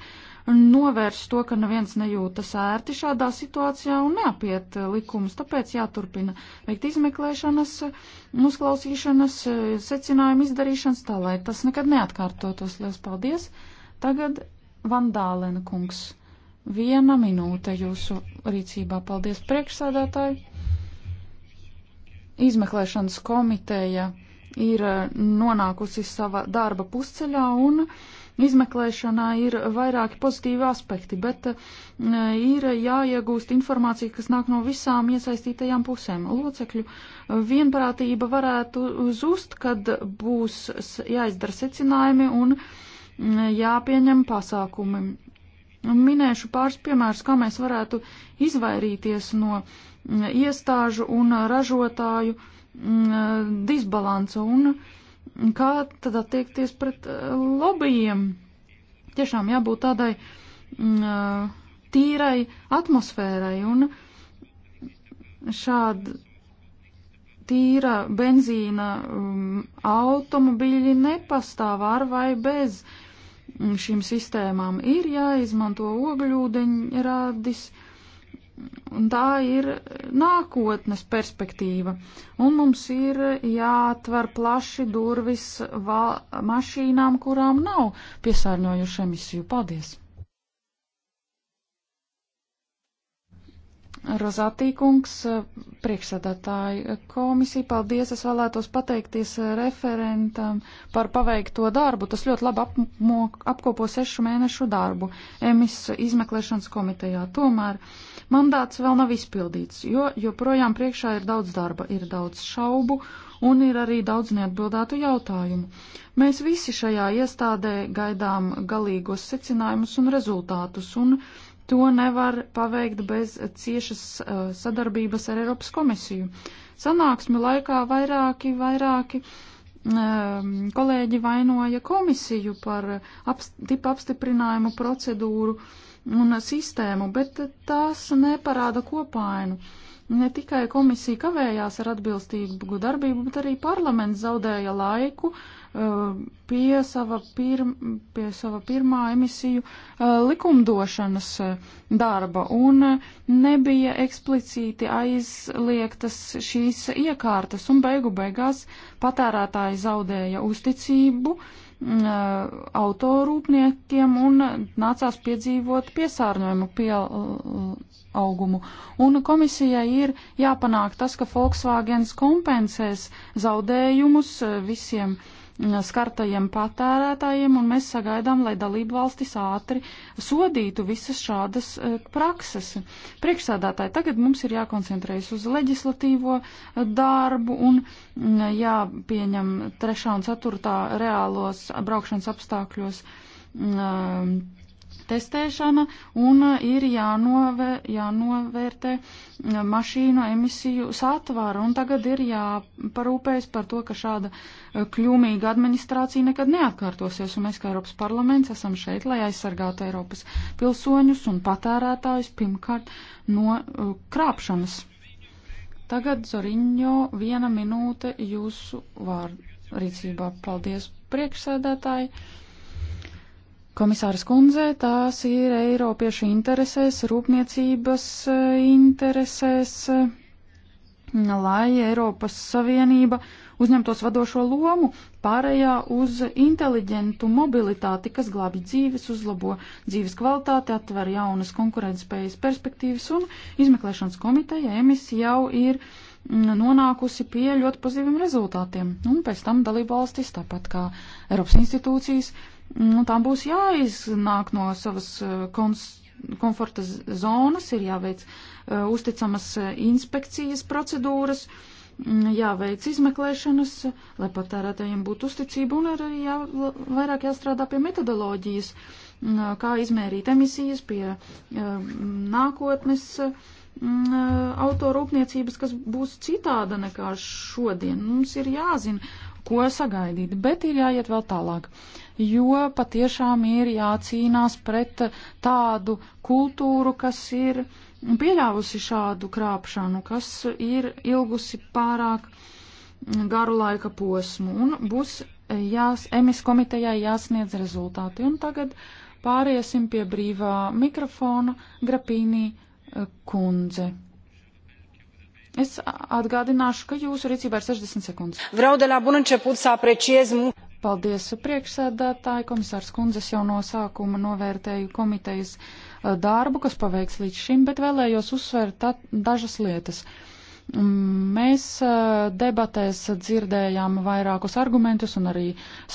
novērst to, ka neviens nejūtas ērti šādā situācijā un neapiet likumus. Tāpēc jāturpina veikt izmeklēšanas, uzklausīšanas, secinājumu izdarīšanas, tā lai tas nekad neatkārtotos. Lielas paldies! Tagad Vandālena kungs. Viena minūte jūsu rīcībā. Paldies priekšsādātāji. Izmeklēšanas komiteja ir eh, nonākusi sava darba pusceļā un izmeklēšanā ir vairāki pozitīvi aspekti, bet eh, ir jāiegūst informācija, kas nāk no visām iesaistītajām pusēm. Locekļu vienprātība varētu zust, kad būs jāizdara secinājumi un uh, jāpieņem pasākumi. Minēšu pāris piemērus, kā mēs varētu izvairīties no mm, iestāžu un ražotāju mm, disbalansa un kā tad attiekties pret eh, lobbyiem. Tiešām jābūt tādai mm, eh, tīrai atmosfērai un šāda tīra benzīna um, automobīļi nepastāv ar vai bez uh, šīm sistēmām ir jāizmanto ogļūdeņradis, un tā ir nākotnes perspektīva. Un mums ir jāatver plaši durvis mašīnām, kurām nav piesārņojuši emisiju. Paldies! Rozātīkungs, priekšsēdētāji komisija, paldies. Es vēlētos pateikties referentam par paveikto darbu. Tas ļoti labi apmok, apkopo sešu mēnešu darbu emis izmeklēšanas komitejā. Tomēr mandāts vēl nav izpildīts, jo joprojām priekšā ir daudz darba, ir daudz šaubu un ir arī daudz neatbildētu jautājumu. Mēs visi šajā iestādē gaidām galīgos secinājumus un rezultātus. Un To nevar paveikt bez ciešas uh, sadarbības ar Eiropas komisiju. Sanāksmi laikā vairāki, vairāki um, kolēģi vainoja komisiju par apst, tipu apstiprinājumu procedūru un sistēmu, bet tās neparāda kopainu. Ne tikai komisija kavējās ar atbilstīgu darbību, bet arī parlaments zaudēja laiku uh, Uh, pie sava, pirm, pie sava pirmā emisiju uh, likumdošanas uh, darba un nebija eksplicīti aizliegtas šīs iekārtas un beigu beigās patērētāji zaudēja uzticību autorūpniekiem un nācās piedzīvot piesārņojumu pie augumu. Un komisijai ir jāpanāk tas, ka Volkswagens kompensēs zaudējumus visiem uh, skartajiem patērētājiem, un mēs sagaidām, lai dalību valstis ātri sodītu visas šādas e, prakses. Priekšsēdētāji, tagad mums ir jākoncentrējas uz leģislatīvo e, darbu un mm, jāpieņem trešā un ceturtā reālos braukšanas apstākļos. Um, testēšana un uh, ir jānove, jānovērtē uh, mašīnu emisiju satvara. Un tagad ir jāparūpējas par to, ka šāda uh, kļūmīga administrācija nekad neatkārtosies. Un mēs kā Eiropas parlaments esam šeit, lai aizsargātu Eiropas pilsoņus un patērētājus pirmkārt no krāpšanas. Tagad, Zoriņo, viena minūte jūsu vārdu rīcībā. Paldies, priekšsēdētāji! Komisāras kundze, tās ir Eiropiešu interesēs, rūpniecības eh, interesēs, eh, lai Eiropas Savienība uzņemtos vadošo lomu pārējā uz inteliģentu mobilitāti, kas glābi dzīves, uzlabo dzīves kvalitāti, atver jaunas konkurētspējas perspektīvas un izmeklēšanas komiteja emis jau ir mm, nonākusi pie ļoti pozitīviem rezultātiem. Un pēc tam dalību valstis, tāpat kā Eiropas institūcijas, nu, tām būs jāiznāk no savas uh, kons, komforta zonas, ir jāveic uh, uzticamas uh, inspekcijas procedūras, mm, jāveic izmeklēšanas, lai patērētājiem būtu uzticība un arī jā, vairāk jāstrādā pie metodoloģijas, mm, uh, kā izmērīt emisijas pie uh, nākotnes mm, uh, autorūpniecības, kas būs citāda nekā šodien. Mums ir jāzina, ko sagaidīt, bet ir jāiet vēl tālāk. Uh, jo patiešām ir jācīnās pret tādu kultūru, kas ir pieļāvusi šādu krāpšanu, kas ir ilgusi pārāk garu laika posmu, un būs jās, emis komitejai jāsniedz rezultāti. Un tagad pāriesim pie brīvā mikrofona Grapīnī eh, kundze. Es atgādināšu, ka jūsu rīcībā ir 60 sekundes. Vreau de la bun început să apreciez munca. Paldies priekšsēdētāji, komisārs kundzes jau no sākuma novērtēju komitejas eh, darbu, kas paveikts līdz šim, bet vēlējos uzsvērt dažas lietas. Mm, mēs eh, debatēs dzirdējām vairākus argumentus un arī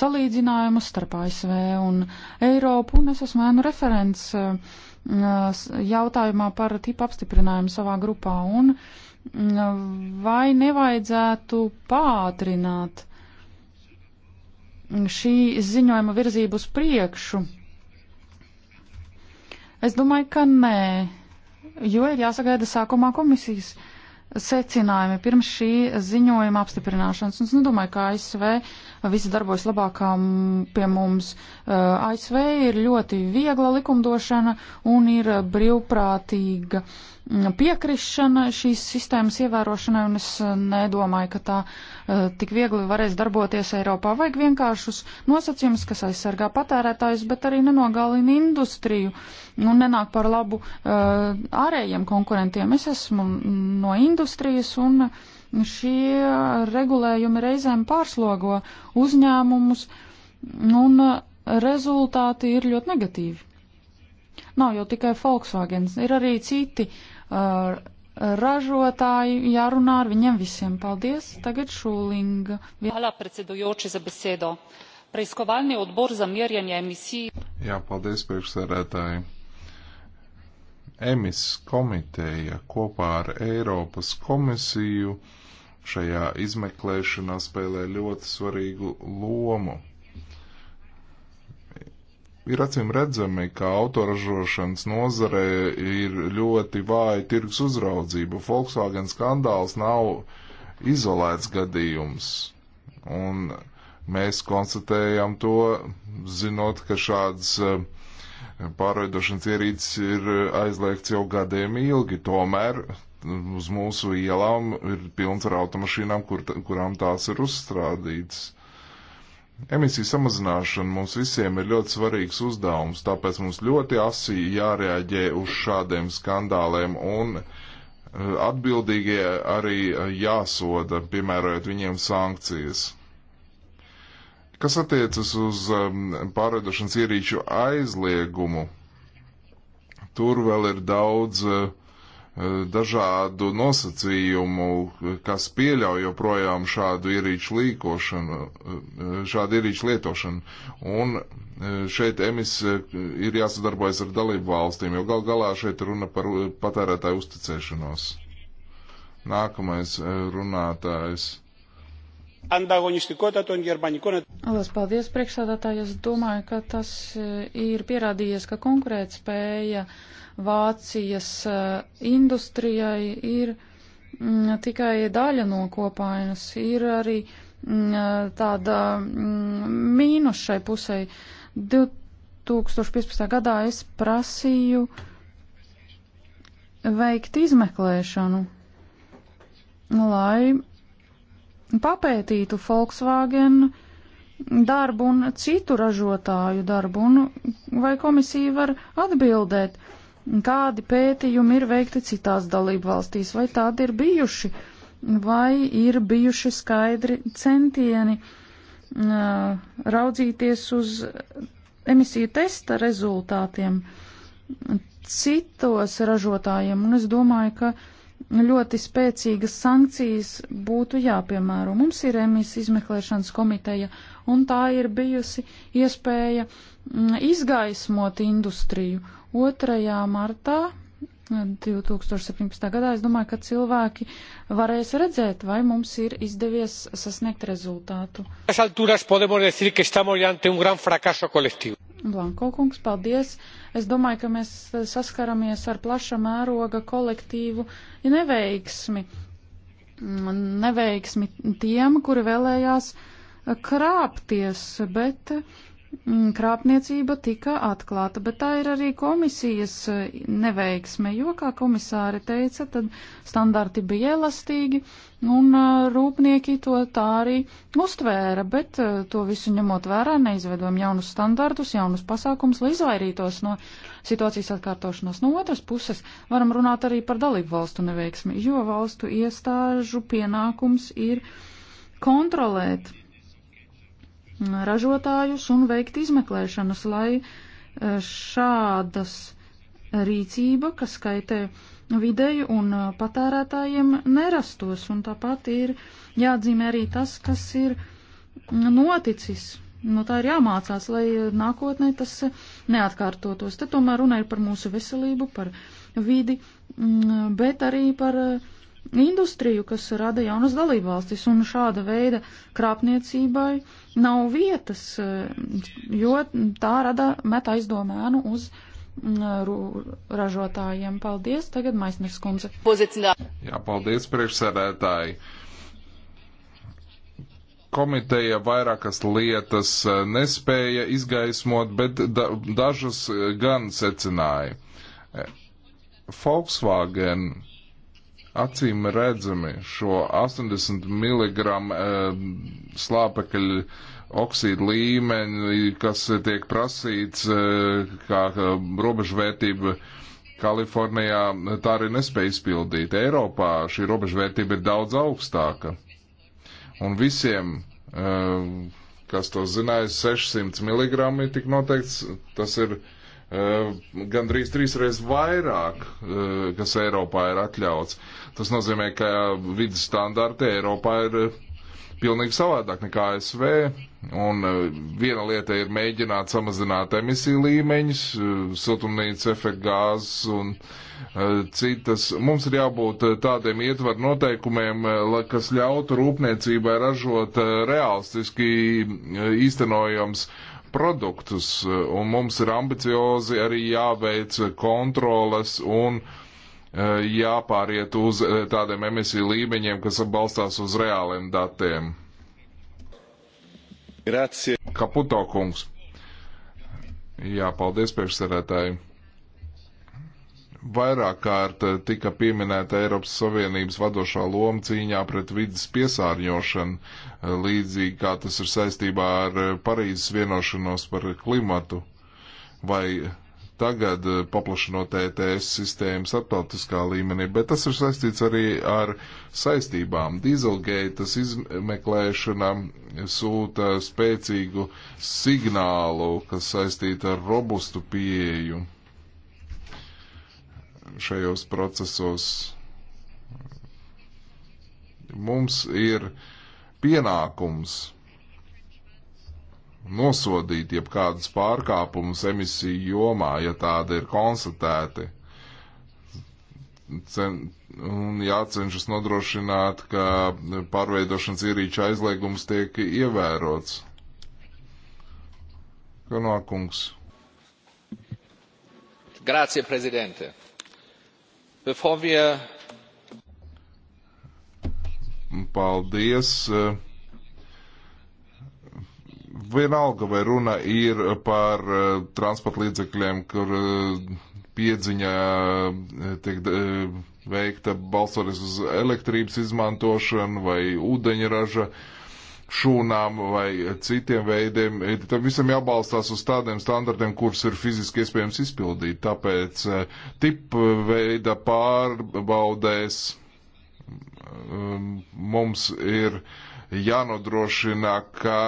salīdzinājumus starp ASV un Eiropu, un es esmu ēnu referents eh, jautājumā par tipu apstiprinājumu savā grupā, un mm, vai nevajadzētu pātrināt šī ziņojuma virzību uz priekšu? Es domāju, ka nē, jo ir jāsagaida sākumā komisijas secinājumi pirms šī ziņojuma apstiprināšanas. Un es nedomāju, ka ASV visi darbojas labākā pie mums. Uh, ASV ir ļoti viegla likumdošana un ir brīvprātīga uh, piekrišana šīs sistēmas ievērošanai, un es eh, nedomāju, ka tā uh, tik viegli varēs darboties Eiropā. Vajag vienkāršus nosacījumus, kas aizsargā patērētājus, bet arī nenogalina industriju un nu, nenāk par labu uh, ārējiem konkurentiem. Es esmu no industrijas un šie regulējumi reizēm pārslogo uzņēmumus, un rezultāti ir ļoti negatīvi nav jau tikai Volkswagen, ir arī citi ražotāji, jārunā ar viņiem visiem. Paldies. Tagad Šūlinga. Hvala predsedujoči za besedo. Preiskovalni odbor za mjerjenje emisij. Jā, paldies priekšsēdētāji. Emis komiteja kopā ar Eiropas komisiju šajā izmeklēšanā spēlē ļoti svarīgu lomu. Ir acīm redzami, ka autoražošanas nozare ir ļoti vāja tirgus uzraudzība. Volkswagen skandāls nav izolēts gadījums. Un mēs konstatējam to, zinot, ka šāds eh, pārveidošanas ierīces ir aizliegts jau gadiem ilgi. Tomēr mm, uz mūsu ielām ir pilns ar automašīnām, kur, kurām tās ir uzstrādītas. Emisiju samazināšana mums visiem ir ļoti svarīgs uzdevums, tāpēc mums ļoti asī jārēģē uz šādiem skandāliem un eh, atbildīgie arī eh, jāsoda, piemērojot viņiem sankcijas. Kas attiecas uz ehm, pārvietošanas ierīču aizliegumu, tur vēl ir daudz uh, Eh, dažādu nosacījumu, kas pieļauj joprojām šādu ierīču līkošanu, eh, šādu ierīču lietošanu. Un eh, šeit emis ir jāsadarbojas ar dalību valstīm, jo gal galā šeit runa par patērētāju uzticēšanos. Nākamais runātājs Ανταγωνιστικότητα των γερμανικών Lielas paldies, priekšsādātāji. Es domāju, ka tas eh, ir pierādījies, ka konkurētspēja Vācijas eh, industrijai ir mm, tikai daļa no kopainas. Ir arī mm, eh, tāda mm, mīnus šai pusē. 2015. gadā es prasīju veikt izmeklēšanu, lai papētītu Volkswagen darbu un citu ražotāju darbu, un vai komisija var atbildēt, kādi pētījumi ir veikti citās dalību valstīs, vai tādi ir bijuši, vai ir bijuši skaidri centieni uh, raudzīties uz emisiju testa rezultātiem citos ražotājiem, un es domāju, ka ļoti spēcīgas sankcijas būtu jāpiemēro. Mums ir emisijas izmeklēšanas komiteja, un tā ir bijusi iespēja mm, izgaismot industriju. 2. martā 2017. gadā, es domāju, ka cilvēki varēs redzēt, vai mums ir izdevies sasniegt rezultātu. Blanko kungs, paldies. Es domāju, ka mēs saskaramies ar plaša mēroga kolektīvu neveiksmi. Neveiksmi tiem, kuri vēlējās krāpties, bet Mm, krāpniecība tika atklāta, bet tā ir arī komisijas eh, neveiksme, jo, kā komisāri teica, tad standarti bija elastīgi un eh, rūpnieki to tā arī uztvēra, bet eh, to visu ņemot vērā neizvedojam jaunus standartus, jaunus pasākums, lai izvairītos no situācijas atkārtošanos. No otras puses varam runāt arī par dalību valstu neveiksmi, jo valstu iestāžu pienākums ir kontrolēt ražotājus un veikt izmeklēšanas, lai e, šādas rīcība, kas kaitē videi un e, patērētājiem, nerastos. Un tāpat ir jāatzīmē arī tas, kas ir noticis. No tā ir jāmācās, lai nākotnē tas neatkārtotos. Te tomēr runa ir par mūsu veselību, par vidi, bet arī par uh, industriju, kas rada jaunas dalībvalstis, un šāda veida krāpniecībai nav vietas, eh, jo tā rada met aizdomēnu uz mm, ražotājiem. Paldies, tagad Maisners kundze. Pozicinā. Jā, paldies, priekšsēdētāji. Komiteja vairākas lietas eh, nespēja izgaismot, bet da dažas eh, gan secināja. Volkswagen acīm redzami šo 80 mg eh, slāpekļu oksīdu līmeni, kas tiek prasīts eh, kā robežvērtība Kalifornijā, tā arī nespēja izpildīt. Eiropā šī robežvērtība ir daudz augstāka. Un visiem, eh, kas to zināja, 600 mg tik noteikts, tas ir Eh, gandrīz trīsreiz vairāk, eh, kas Eiropā ir atļauts. Tas nozīmē, ka vidas standarti Eiropā ir eh, pilnīgi savādāk nekā ASV. Un viena lieta ir mēģināt samazināt emisiju līmeņus, siltumnīca efekta gāzes un citas. Mums ir jābūt tādiem ietvaru noteikumiem, kas ļautu rūpniecībai ražot realistiski īstenojams uh, produktus, eh, un mums ir ambiciozi arī jāveic kontroles un eh, jāpāriet uz eh, tādiem emisiju līmeņiem, kas balstās uz reāliem datiem. Grazie. Kaputo kungs. Jā, paldies priekšsēdētāji vairāk kārt eh, tika pieminēta Eiropas Savienības vadošā loma cīņā pret vidas piesārņošanu, eh, līdzīgi kā tas ir saistībā ar eh, Parīzes vienošanos par klimatu, vai tagad paplašinot ETS sistēmu starptautiskā līmenī, bet tas ir saistīts arī ar saistībām. Dieselgeitas izmeklēšana sūta spēcīgu signālu, kas saistīta ar robustu pieeju šajos procesos. Mums ir pienākums nosodīt jebkādus pārkāpumus emisiju jomā, ja tāda ir konstatēti. Cen, un jācenšas nodrošināt, ka pārveidošanas ierīča aizliegums tiek ievērots. Kanākungs. Grācie, prezidente! Bevor wir Paldies. Vienalga, vai runa ir par eh, transporta līdzekļiem, kur eh, piedziņā eh, tiek veikta balsoties uz elektrības izmantošanu vai ūdeņraža šūnām vai citiem veidiem. Tam visam jābalstās uz tādiem standartiem, kurus ir fiziski iespējams izpildīt. Tāpēc eh, tipu eh, veida pārbaudēs um, mums ir jānodrošina, ka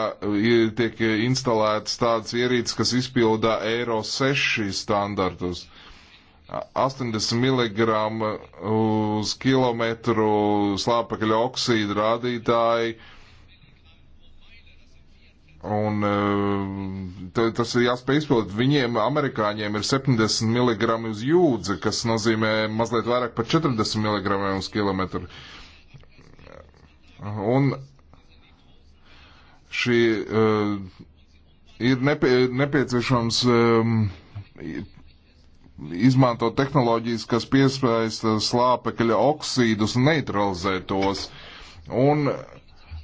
tiek instalētas tādas ierīces, kas izpildā Eiro 6 standartus. 80 mg uz kilometru slāpekļa oksīda rādītāji uh, Un eh, tas ir jāspēj izpildīt. Viņiem, amerikāņiem, ir 70 mg uz jūdzi, kas nozīmē mazliet vairāk par 40 mg uz kilometru. Un šī uh, ir nepie, nepieciešams um, izmantot tehnoloģijas, kas piesaista slāpekļa oksīdus un neutralizē tos. Un uh,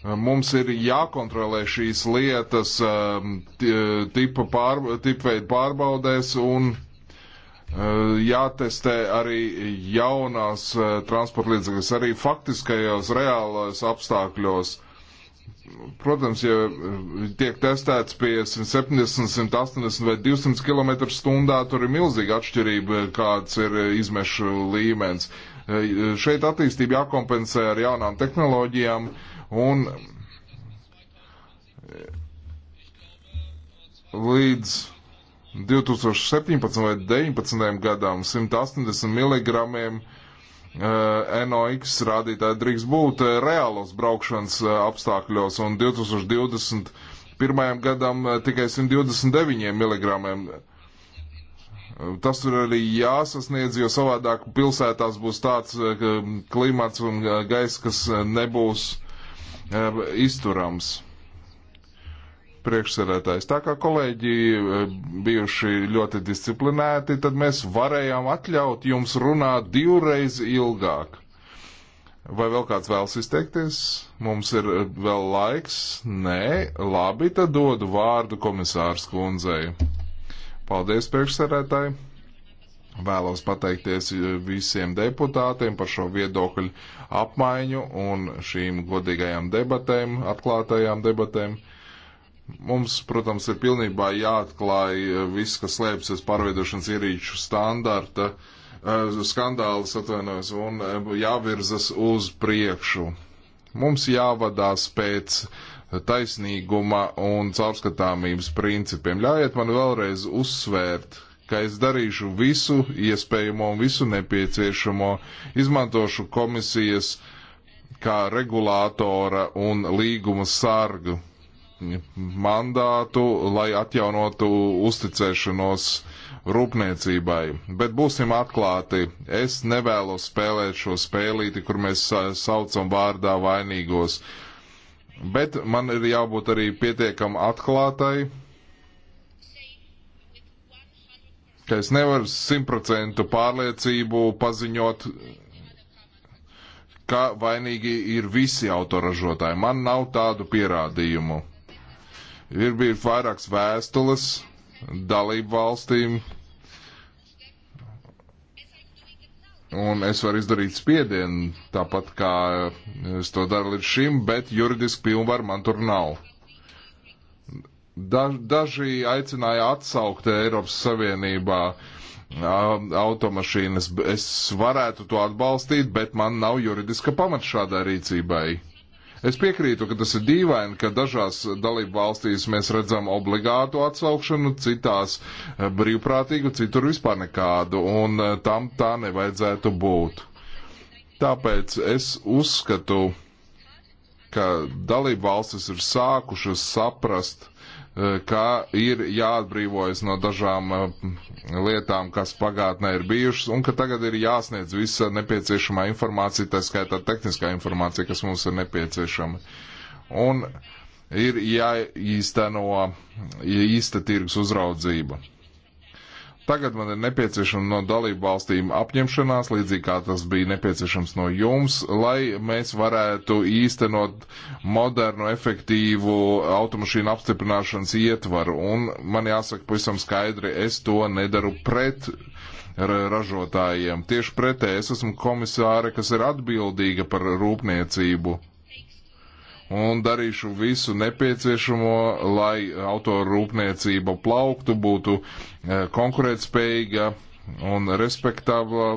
Mums ir jākontrolē šīs lietas um, tipa pār, tipveidu pārbaudēs un uh, jātestē arī jaunās uh, transporta līdzekļas, arī faktiskajos reālos apstākļos. Protams, ja uh, tiek testēts pie 170, 180 vai 200 km/h, tur ir milzīga atšķirība, kāds ir izmešu līmenis. Šeit attīstība jākompensē ar jaunām tehnoloģijām Un līdz 2017 vai 2019 gadam 180 mg NOx rādītāji drīkst būt eh, reālos braukšanas eh, apstākļos un 2021. gadam eh, tikai 129 mg. Tas tur arī jāsasniedz, jo savādāk pilsētās būs tāds klimats un gaisa, kas nebūs uh, izturams priekšsēdētājs. Tā kā kolēģi bijuši ļoti disciplinēti, tad mēs varējām atļaut jums runāt divreiz ilgāk. Vai vēl kāds vēlas izteikties? Mums ir vēl laiks? Nē, labi, tad dodu vārdu komisārs kundzei. Paldies, priekšsēdētāji! Vēlos pateikties e, visiem deputātiem par šo viedokļu apmaiņu un šīm godīgajām debatēm, atklātajām debatēm. Mums, protams, ir pilnībā jāatklāj e, viss, kas slēpjas aiz pārveidošanas ierīču standarta, e, skandāls atvainojas un jāvirzas uz priekšu. Mums jāvadās pēc taisnīguma un caurskatāmības principiem. Ļaujiet man vēlreiz uzsvērt, ka es darīšu visu iespējamo un visu nepieciešamo, izmantošu komisijas kā regulātora un līguma sargu mandātu, lai atjaunotu uzticēšanos rūpniecībai. Bet būsim atklāti, es nevēlos spēlēt šo spēlīti, kur mēs saucam vārdā vainīgos. Bet man ir jābūt arī pietiekam atklātai ka es nevaru simtprocentu pārliecību paziņot, ka vainīgi ir visi autoražotāji. Man nav tādu pierādījumu. Ir bijuši vairākas vēstules dalību valstīm, un es varu izdarīt spiedienu, tāpat kā es to daru līdz šim, bet juridiski pilnvaru man tur nav. Daži aicināja atsaukt Eiropas Savienībā um, automašīnas. Es varētu to atbalstīt, bet man nav juridiska pamata šādai rīcībai. Es piekrītu, ka tas ir dīvaini, ka dažās dalību valstīs mēs redzam obligātu atsaukšanu, citās eh, brīvprātīgu, citur vispār nekādu, un eh, tam tā nevajadzētu būt. Tāpēc es uzskatu, ka dalību valstis ir sākušas saprast, Eh, ka ir jāatbrīvojas no dažām eh, lietām, kas pagātnē ir bijušas, un ka tagad ir jāsniedz visa nepieciešamā informācija, tā skaitā tehniskā informācija, kas mums ir nepieciešama. Un ir jāīsteno īsta tirgus uzraudzība. Tagad man ir nepieciešama no dalību valstīm apņemšanās, līdzīgi kā tas bija nepieciešams no jums, lai mēs varētu īstenot modernu, efektīvu automašīnu apstiprināšanas ietvaru. Un man jāsaka pavisam skaidri, es to nedaru pret ražotājiem. Tieši pretēji es esmu komisāre, kas ir atbildīga par rūpniecību un darīšu visu nepieciešamo, lai autorūpniecība plauktu, būtu e, konkurētspējīga un respektabla,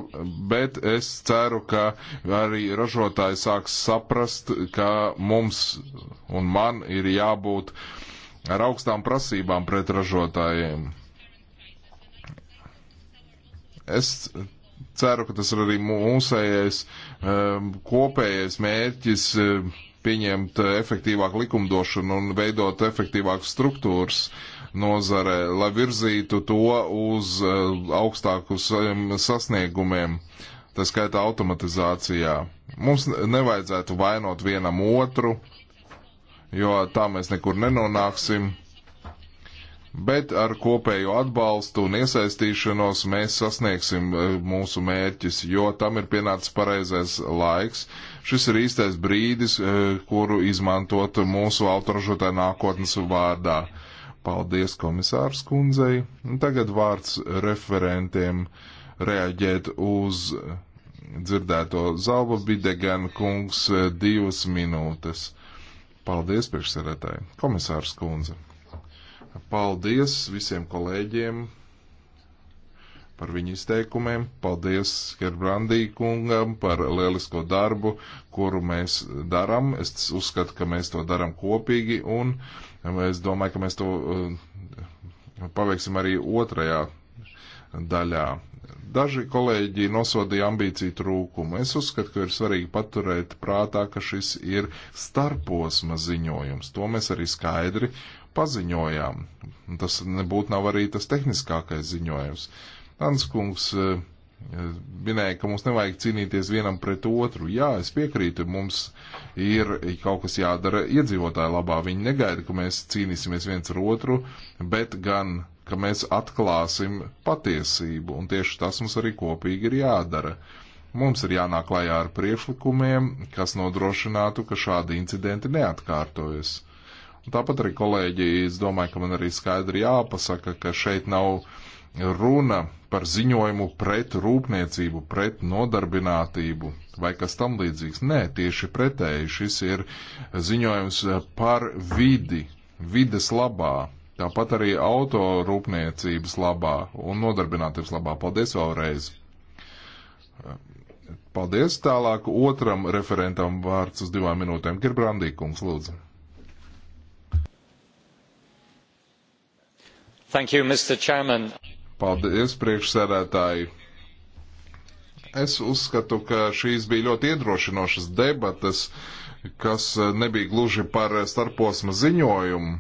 bet es ceru, ka arī ražotāji sāks saprast, ka mums un man ir jābūt ar augstām prasībām pret ražotājiem. Es ceru, ka tas ir arī mūsējais um, kopējais mērķis um, pieņemt efektīvāku likumdošanu un veidot efektīvākas struktūras nozarē, lai virzītu to uz eh, augstākus sasniegumiem, tā skaitā automatizācijā. Mums nevajadzētu vainot vienam otru, jo tā mēs nekur nenonāksim bet ar kopējo atbalstu un iesaistīšanos mēs sasniegsim eh, mūsu mērķis, jo tam ir pienācis pareizais laiks. Šis ir īstais brīdis, eh, kuru izmantot mūsu autoražotāju nākotnes vārdā. Paldies komisārs kundzei. Tagad vārds referentiem reaģēt uz dzirdēto Zalba Bidegan kungs eh, divas minūtes. Paldies priekšsēdētāji. Komisārs kundze. Paldies visiem kolēģiem par viņu izteikumiem. Paldies Gerbrandī kungam par lielisko darbu, kuru mēs daram. Es uzskatu, ka mēs to daram kopīgi un es domāju, ka mēs to uh, paveiksim arī otrajā daļā. Daži kolēģi nosodīja ambīciju trūkumu. Es uzskatu, ka ir svarīgi paturēt prātā, ka šis ir starposma ziņojums. To mēs arī skaidri paziņojām. Tas nebūtu nav arī tas tehniskākais ziņojums. Anskungs eh, eh, minēja, ka mums nevajag cīnīties vienam pret otru. Jā, es piekrītu, mums ir kaut kas jādara iedzīvotāju labā. Viņi negaida, ka mēs cīnīsimies viens ar otru, bet gan, ka mēs atklāsim patiesību. Un tieši tas mums arī kopīgi ir jādara. Mums ir jānāk klajā ar priekšlikumiem, kas nodrošinātu, ka šādi incidenti neatkārtojas. Uh, Tāpat arī kolēģi, es domāju, ka man arī skaidri jāpasaka, ka šeit nav runa par ziņojumu pret rūpniecību, pret nodarbinātību vai kas tam līdzīgs. Nē, tieši pretēji šis ir ziņojums par vidi, vides labā, tāpat arī auto rūpniecības labā un nodarbinātības labā. Paldies vēlreiz! Paldies tālāk otram referentam vārds uz divām minūtēm. Kirbrandīkums, lūdzu. Thank you, Mr. Chairman. Paldies, priekšsēdētāji. Es uzskatu, ka šīs bija ļoti iedrošinošas debatas, kas eh, nebija gluži par eh, starposma ziņojumu,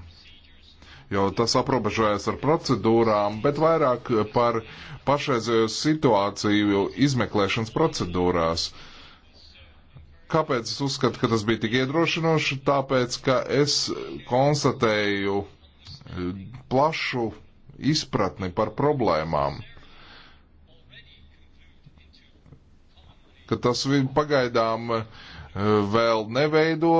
jo tas aprobežojas ar procedūrām, bet vairāk par pašreizējo situāciju izmeklēšanas procedūrās. Kāpēc es uzskatu, ka tas bija tik iedrošinoši? Tāpēc, ka es konstatēju eh, plašu izpratni par problēmām. Ka tas pagaidām eh, vēl neveido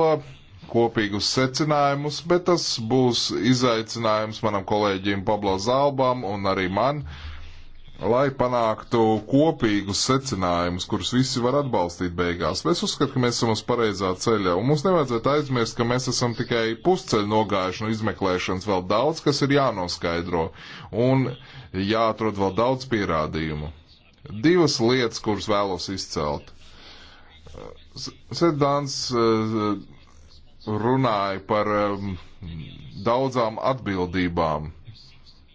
kopīgus secinājumus, bet tas būs izaicinājums manam kolēģim Pablo Zalbam un arī man lai panāktu kopīgus secinājumus, kurus visi var atbalstīt beigās. Es uzskatu, ka mēs esam uz pareizā ceļa, un mums nevajadzētu aizmirst, ka mēs esam tikai pusceļu nogājuši no izmeklēšanas. Vēl daudz, kas ir jānoskaidro, un jāatrod vēl daudz pierādījumu. Divas lietas, kuras vēlos izcelt. Sedans eh, runāja par eh, daudzām atbildībām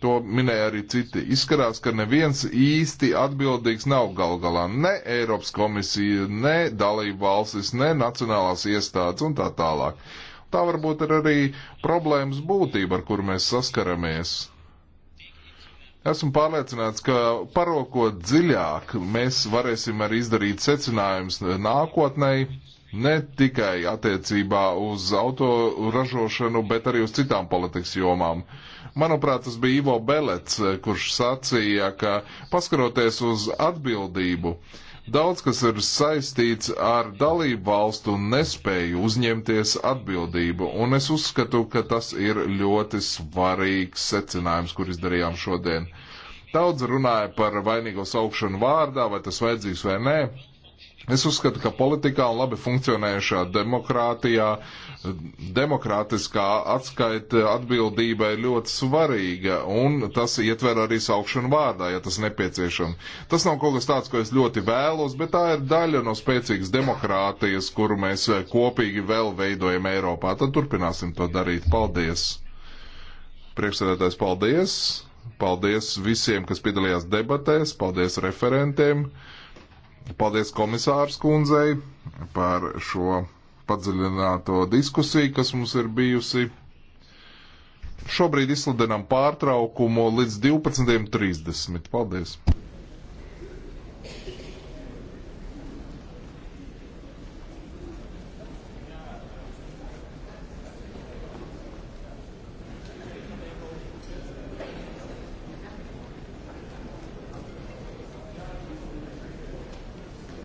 to minēja arī citi. Izskatās, ka neviens īsti atbildīgs nav gal galā. Ne Eiropas komisija, ne dalība valstis, ne nacionālās iestādes un tā tālāk. Tā varbūt ir arī problēmas būtība, ar kur mēs saskaramies. Esmu pārliecināts, ka parokot dziļāk, mēs varēsim arī izdarīt secinājumus nākotnēji, ne tikai attiecībā uz autoražošanu, bet arī uz citām politikas jomām. Uh, Manuprāt, tas bija Ivo Belets, eh, kurš sacīja, ka paskaroties uz atbildību, daudz kas ir saistīts ar dalību valstu nespēju uzņemties atbildību, un es uzskatu, ka tas ir ļoti svarīgs secinājums, kur izdarījām šodien. Daudz runāja par vainīgo saukšanu vārdā, vai tas vajadzīgs vai nē. Es uzskatu, ka politikā un labi funkcionējušā demokrātijā Demokrātiskā atskaita atbildība ir ļoti svarīga, un tas ietver arī saukšanu vārdā, ja tas nepieciešams. Tas nav kaut kas tāds, ko es ļoti vēlos, bet tā ir daļa no spēcīgas demokrātijas, kuru mēs kopīgi vēl veidojam Eiropā. Tad turpināsim to darīt. Paldies! Priekšsēdētājs, paldies! Paldies visiem, kas piedalījās debatēs, paldies referentiem, paldies komisārs kundzei par šo padziļināto diskusiju, kas mums ir bijusi. Šobrīd izsludinām pārtraukumu līdz 12.30. Paldies!